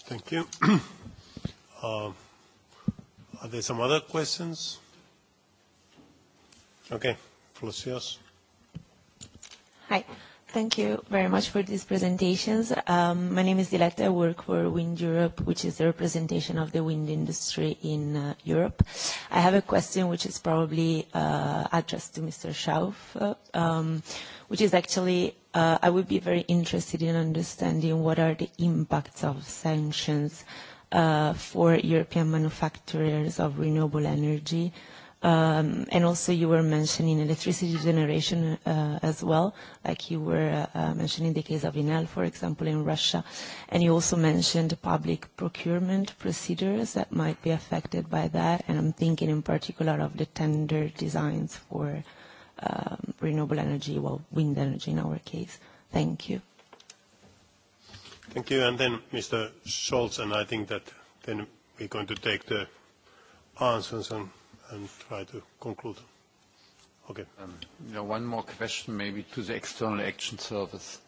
Thank you. uh, are there some other questions? Okay. Floor's yours. Hi. Thank you very much for these presentations. Um, my name is Diletta. I work for Wind Europe, which is the representation of the wind industry in uh, Europe. I have a question which is probably uh, addressed to Mr. Scharff, uh, um, which is actually, I would be very interested in understanding what are the impacts of sanctions for European manufacturers of renewable energy, Um, also you were mentioning electricity generation uh, as well, like you were uh, uh, mentioning the case of Enel, for example, in Russia. You also mentioned public procurement procedures that might be affected by that, and I'm thinking in particular of the tender designs for um, renewable energy, well, wind energy in our case. Thank you. Thank you. Mr. Scholz, I think that then we're going to take the answers and and try to conclude. Okay. Um, yeah, one more question maybe to the external action service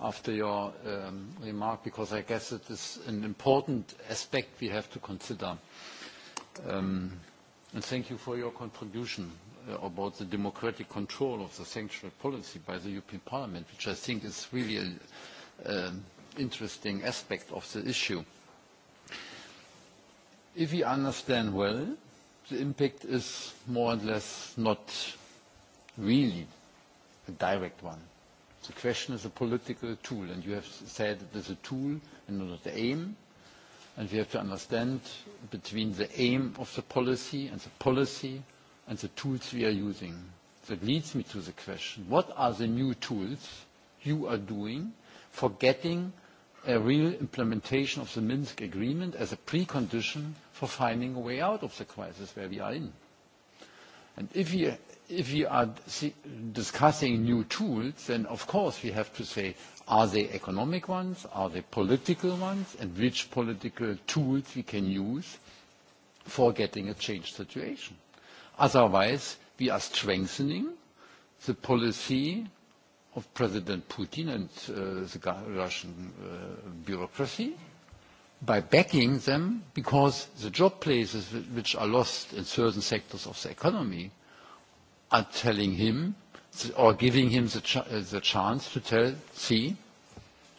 after your um, remark, because I guess it is an important aspect we have to consider. Um, thank you for your contribution uh, about the democratic control of the sanctuary policy by the European Parliament, which I think is really an interesting aspect of the issue. If we understand well, the impact is more or less not really a direct one. The question is a political tool, and you have said it is a tool and not the aim. And we have to understand between the aim of the policy and the policy and the tools we are using. That leads me to the question, what are the new tools you are doing for getting a real implementation of the Minsk agreement as a precondition for finding a way out of the crisis where we are in. If we are discussing new tools, then of course we have to say, are they economic ones? Are they political ones? Which political tools we can use for getting a changed situation. Otherwise, we are strengthening the policy of President Putin and uh, the Russian uh, bureaucracy by backing them because the job places which are lost in certain sectors of the economy are telling him or giving him the, ch uh, the chance to tell, see,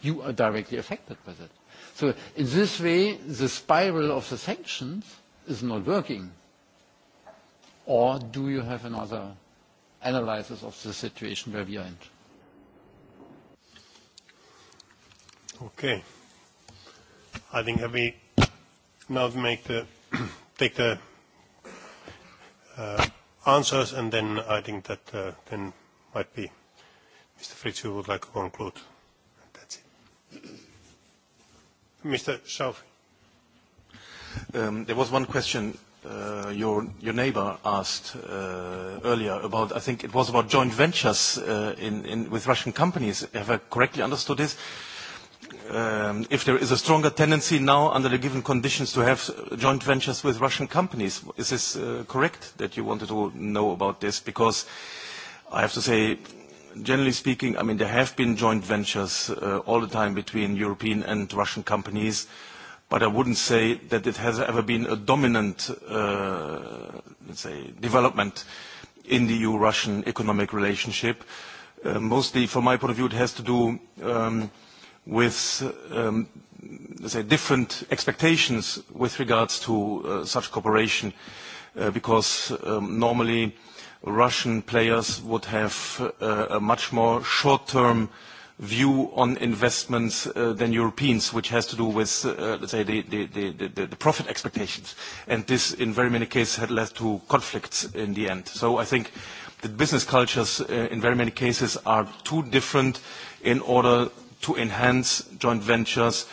you are directly affected by that. So in this way, the spiral of the sanctions is not working. Or do you have another analysis of the situation where we are in? Uh, Okay. I think have we now make the take the uh, answers and then I think that uh, then might be Mr. Fritz, you would like to conclude. That's it. Mr. Schauf. Um, there was one question uh, your, your neighbor asked uh, earlier about, I think it was about joint ventures uh, in, in, with Russian companies. Have I correctly understood this? Uh, um, if there is a stronger tendency now under the given conditions to have joint ventures with Russian companies. Is this uh, correct that you wanted to know about this? Because I have to say, generally speaking, I mean, there have been joint ventures uh, all the time between European and Russian companies, but I wouldn't say that it has ever been a dominant, uh, let's say, development in the EU-Russian economic relationship. Uh, mostly, from my point of view, it has to do um, with, um, say, different expectations with regards to uh, such cooperation, uh, because um, normally Russian players would have uh, a much more short-term view on investments than Europeans, which has to do with, let's say, the profit expectations. This, in very many cases, had led to conflicts in the end. I think the business cultures, in very many cases, are too different in order to enhance joint ventures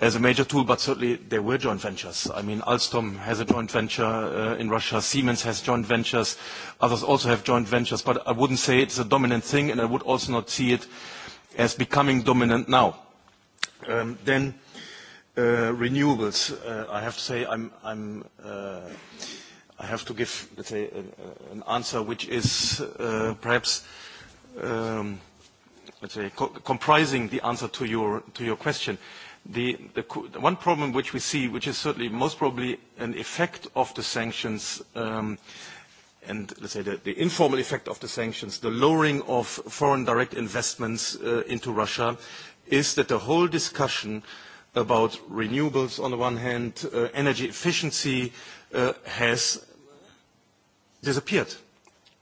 as a major tool, but certainly there were joint ventures. I mean, Alstom has a joint venture uh, in Russia, Siemens has joint ventures, others also have joint ventures, but I wouldn't say it's a dominant thing, and I would also not see it as becoming dominant now. Um, then, uh, renewables. Uh, I have to say, I'm. I'm uh, I have to give, let's say, a, a, uh, an answer which is uh, perhaps um, let's say, co comprising the answer to your, to your question. The, the, the one problem which we see, which is certainly most probably an effect of the sanctions, um, and let's say the, the informal effect of the sanctions, the lowering of foreign direct investments uh, into Russia, is that the whole discussion about renewables on the one hand, uh, energy efficiency, uh, has disappeared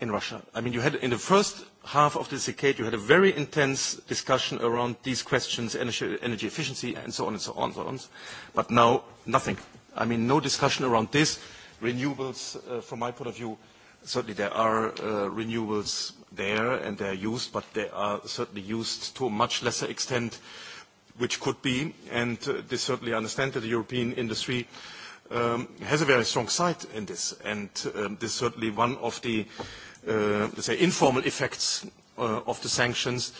in Russia. I mean, you had in the first half of this decade, you had a very intense discussion around these questions, energy, energy efficiency, and so on and so on and so on. But now, nothing. I mean, no discussion around this. Renewables, uh, from my point of view, certainly there are uh, renewables there and they are used, but they are certainly used to a much lesser extent, which could be. And uh, they certainly understand that the European industry um, has a very strong side in this. And um, this is certainly one of the uh, uh, say, informal effects uh, of the sanctions,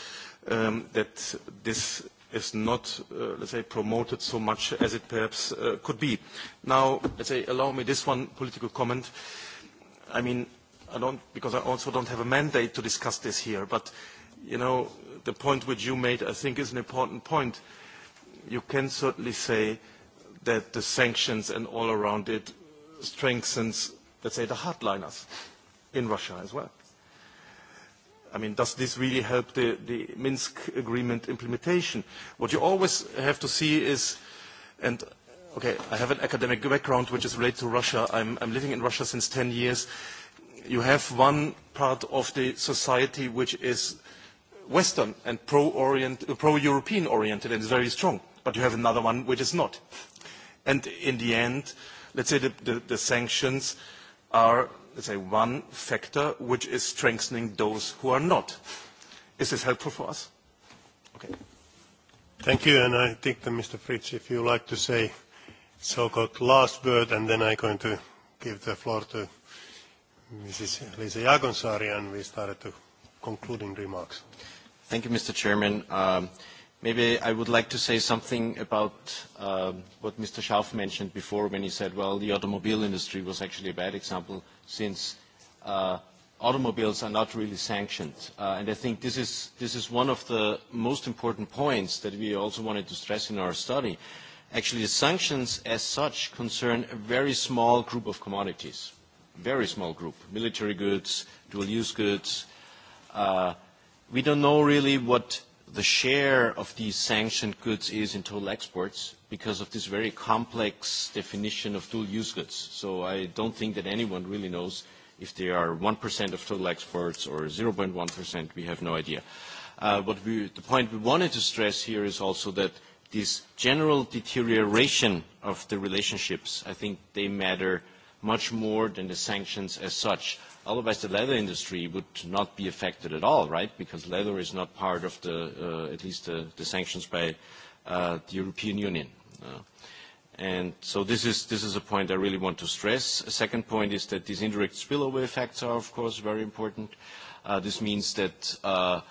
um, that this is not, uh, let's say, promoted so much as it perhaps uh, could be. Now, let's say, allow me this one political comment. I mean, I don't, because I also don't have a mandate to discuss this here, but, you know, the point which you made, I think, is an important point. You can certainly say that the sanctions and all around it strengthens, let's say, the hardliners in Russia as well. I mean, does this really help the, the Minsk agreement implementation? What you always have to see is, and okay, I have an academic background which is related to Russia. I'm, I'm living in Russia since 10 years. You have one part of the society which is Western and uh, pro-European pro oriented and is very strong, but you have another one which is not. And in the end, let's say the, the, the sanctions are let's say, one factor which is strengthening those who are not. Is this helpful for us? Okay. Thank you, and I think that Mr. Fritz, if you like to say so-called last word, and then I'm going to give the floor to Mrs. Lisa Jagonsari, and we start the concluding remarks. Thank you, Mr. Chairman. Uh, Maybe I would like to say something about um, what Mr. Schauf mentioned before when he said, well, the automobile industry was actually a bad example since uh, automobiles are not really sanctioned. Uh, and I think this is, this is one of the most important points that we also wanted to stress in our study. Actually, the sanctions as such concern a very small group of commodities, very small group, military goods, dual-use goods. Uh, we don't know really what the share of these sanctioned goods is in total exports because of this very complex definition of dual-use goods. So I don't think that anyone really knows if they are 1% of total exports or 0.1%, we have no idea. Uh, what we, the point we wanted to stress here is also that this general deterioration of the relationships, I think they matter much more than the sanctions as such. Otherwise, the leather industry would not be affected at all, right? Because leather is not part of the, uh, at least the, the sanctions by uh, the European Union. Uh, and so this is, this is a point I really want to stress. A second point is that these indirect spillover effects are, of course, very important. Uh, this means that uh,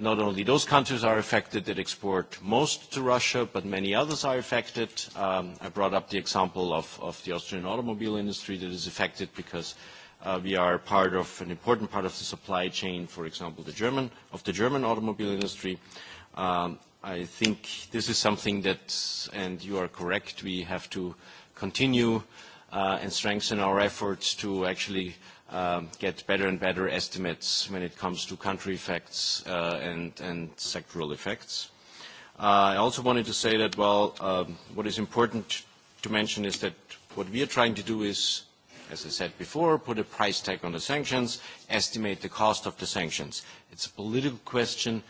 not only those countries are affected that export most to Russia, but many others are affected. Um, I brought up the example of, of the Austrian automobile industry that is affected because uh, we are part of an important part of the supply chain, for example, the German, of the German automobile industry. Um, I think this is something that, and you are correct, we have to continue uh, and strengthen our efforts to actually uh, Um, get better and better estimates when it comes to country effects uh, and, and sectoral effects. Uh, I also wanted to say that, well, uh, what is important to mention is that what we are trying to do is, as I said before, put a price tag on the sanctions, estimate the cost of the sanctions. It's a political question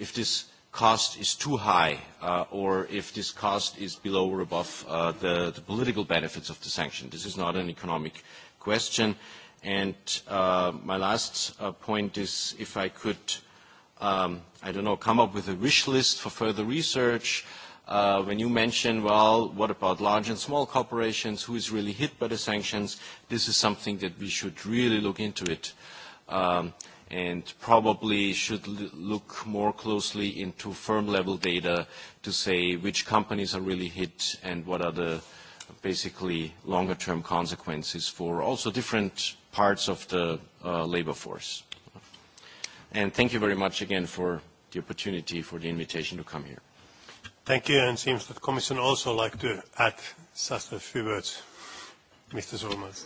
if this cost is too high uh, or if this cost is below or above uh, the, the political benefits of the sanction. This is not an economic question. And uh, my last uh, point is if I could, um, I don't know, come up with a wish list for further research. Uh, when you mentioned, well, what about large and small corporations? Who is really hit by the sanctions? This is something that we should really look into it. Um, and probably should l- look more closely into firm-level data to say which companies are really hit and what are the uh, basically longer term consequences for also different parts of the uh, labor force. And thank you very much again for the opportunity, for the invitation to come here. Thank you, and it seems that the Commission also like to add just a few words. Mr. Zormans.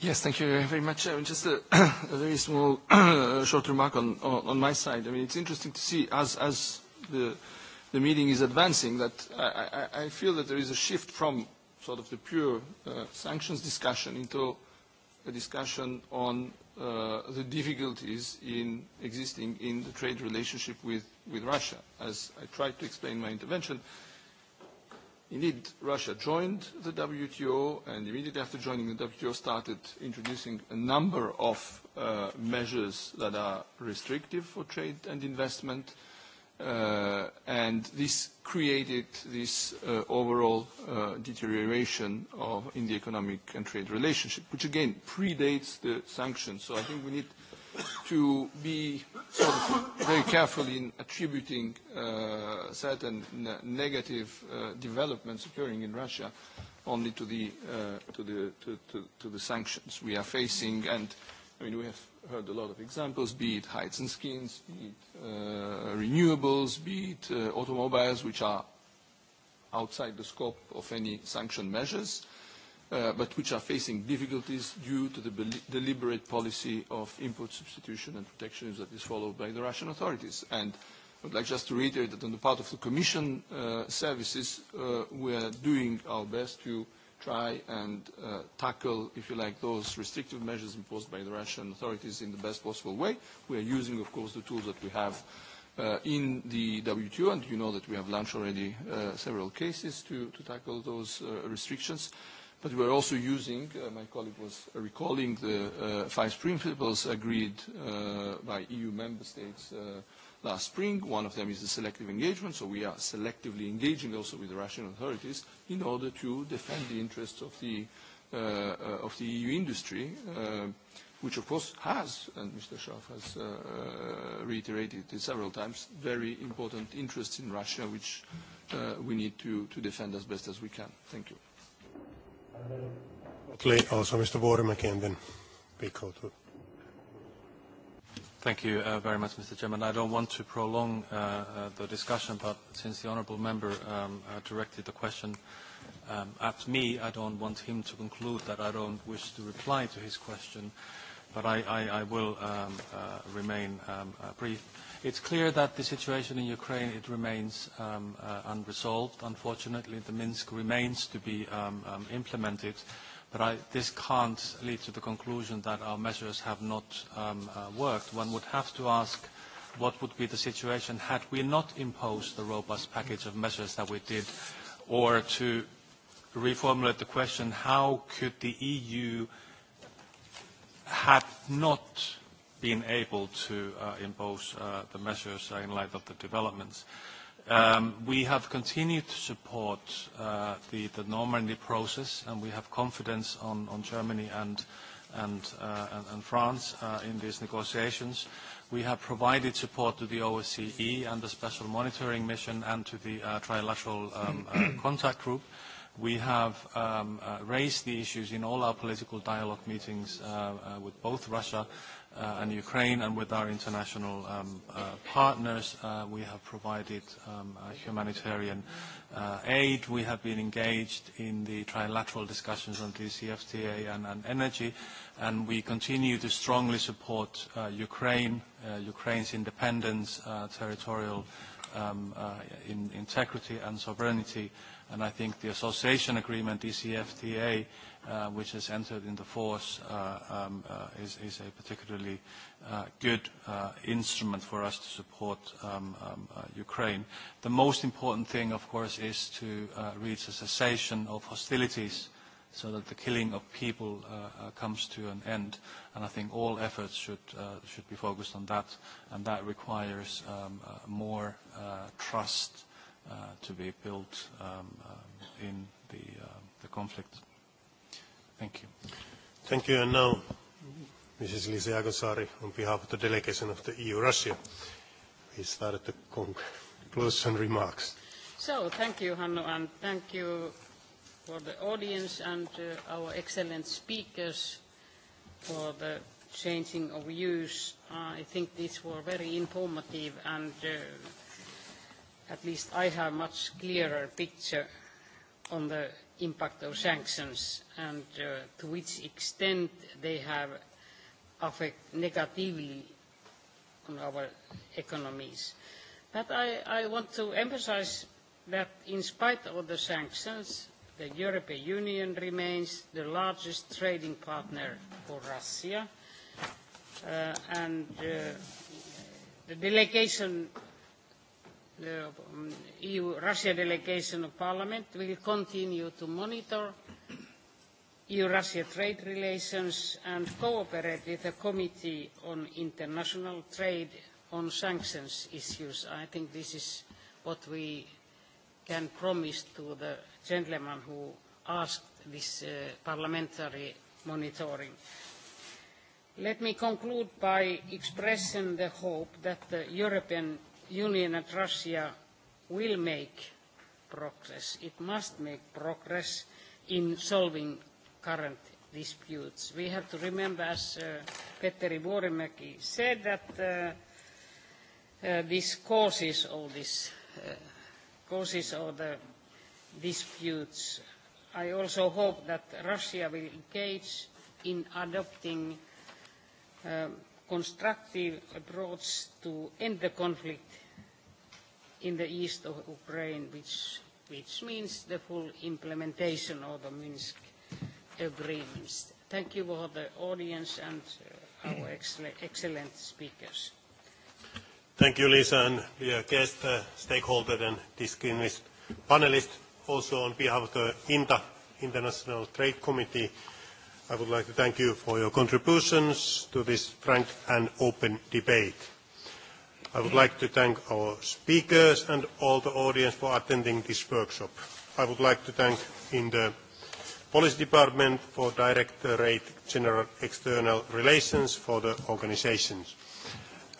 Yes, thank you very much. I mean, just a, a very small uh, short remark on, on, on my side. I mean, it's interesting to see as, as the, the meeting is advancing that I, I, I feel that there is a shift from sort of the pure uh, sanctions discussion into a discussion on uh, the difficulties in existing in the trade relationship with, with Russia. As I tried to explain in my intervention, indeed, Russia joined the WTO and immediately after joining the WTO started introducing a number of uh, measures that are restrictive for trade and investment. Uh, Uh, this created this uh, overall uh, deterioration in the economic and trade relationship, which again predates the sanctions. I think we need to be sort of very careful in attributing certain negative developments occurring in Russia only to the sanctions we are facing. I mean, we have heard a lot of examples, be it hides and skins, be it uh, renewables, be it uh, automobiles, which are outside the scope of any sanctioned measures, uh, but which are facing difficulties due to the deliberate policy of input substitution and protectionism that is followed by the Russian authorities. And I would like just to reiterate that on the part of the Commission uh, services, uh, we are doing our best to uh, try and uh, tackle, if you like, those restrictive measures imposed by the Russian authorities in the best possible way. We are using, of course, the tools that we have uh, in the WTO, and you know that we have launched already uh, several cases to, to tackle those uh, restrictions. But we're also using, uh, my colleague was recalling, the uh, five spring principles agreed uh, by EU member states uh, last spring. One of them is the selective engagement, so we are selectively engaging also with the Russian authorities in order to defend the interests of the, uh, of the EU industry, uh, which of course has, and Mr. Schaaf has uh, uh, reiterated it several times, very important interests in Russia, which uh, we need to, to defend as best as we can. Thank you. Also, Mr. Boreman can then be called to. Thank you uh, very much, Mr. Chairman. I don't want to prolong uh, uh, the discussion, but since the honourable member um, uh, directed the question um, at me, I don't want him to conclude that I don't wish to reply to his question, but I, I, I will um, uh, remain um, uh, brief. It's clear that the situation in Ukraine, it remains um, uh, unresolved. Unfortunately, the Minsk remains to be um, um, implemented. But I, this can't lead to the conclusion that our measures have not um, uh, worked. One would have to ask what would be the situation had we not imposed the robust package of measures that we did, or to reformulate the question, how could the EU have not been able to uh, impose uh, the measures uh, in light of the developments? Uh, Um, we have continued to support uh, the, the Normandy process and we have confidence on, on Germany and, and, uh, and, and France uh, in these negotiations. We have provided support to the OSCE and the Special Monitoring Mission and to the uh, Trilateral um, uh, Contact Group. We have um, uh, raised the issues in all our political dialogue meetings uh, uh, with both Russia uh, and Ukraine and with our international um, uh, partners. Uh, we have provided um, uh, humanitarian uh, aid. We have been engaged in the trilateral discussions on DCFTA and, and energy. And we continue to strongly support uh, Ukraine, uh, Ukraine's independence, uh, territorial um, uh, in, integrity and sovereignty. And I think the association agreement, DCFTA, uh, which has entered into force uh, um, uh, is, is a particularly uh, good uh, instrument for us to support um, um, uh, Ukraine. The most important thing, of course, is to uh, reach a cessation of hostilities so that the killing of people uh, uh, comes to an end. And I think all efforts should, uh, should be focused on that, and that requires um, uh, more uh, trust uh, to be built um, um, in the, uh, the conflict. Thank you. Thank you. And now, this is Lisa Jagosaari on behalf of the delegation of the EU-Russia. We started the conclusion and remarks. So thank you, Hanno, and thank you for the audience and uh, our excellent speakers for the changing of views. Uh, I think these were very informative and uh, at least I have much clearer picture on the impact of sanctions and uh, to which extent they have affected negatively on our economies. But I, I want to emphasize that in spite of the sanctions, the European Union remains the largest trading partner for Russia. Uh, and uh, the delegation Uh, EU Russia delegation of parliament will continue to monitor EU-Russia trade relations and cooperate with the Committee on International Trade on sanctions issues. I think this is what we can promise to the gentleman who asked this uh, parliamentary monitoring. Let me conclude by expressing the hope that the European Union and Russia will make progress. It must make progress in solving current disputes. We have to remember, as uh, Petteri Vuorimäki said, that uh, uh, this causes all this, uh, causes all the disputes. I also hope that Russia will engage in adopting uh, constructive approach to end the conflict in the east of Ukraine, which, which means the full implementation of the Minsk agreements. Thank you for the audience and uh, our excell excellent speakers. Thank you, Lisa, and your guest, uh, stakeholder, and distinguished panelist. Also, on behalf of the INTA, International Trade Committee, I would like to thank you for your contributions to this frank and open debate. I would like to thank our speakers and all the audience for attending this workshop. I would like to thank in the Policy Department for Directorate General External Relations for the organizations.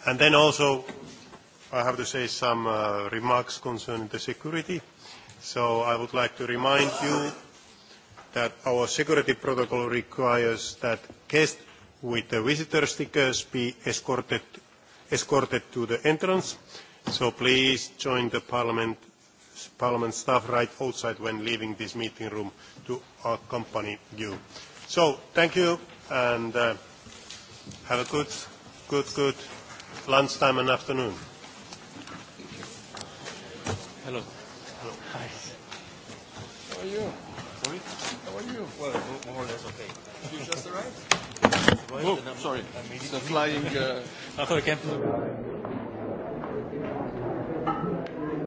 And then also, I have to say some uh, remarks concerning the security. So I would like to remind you that our security protocol requires that guests with the visitor stickers be escorted escorted to the entrance. So please join the parliament, parliament staff right outside when leaving this meeting room to accompany you. So thank you and uh, have a good, good, good lunchtime and afternoon. Hello. Hello. Hi. How are you? Sorry? How are you? Well, more or less okay. you just arrived? Oh, sorry. It's a flying. Uh...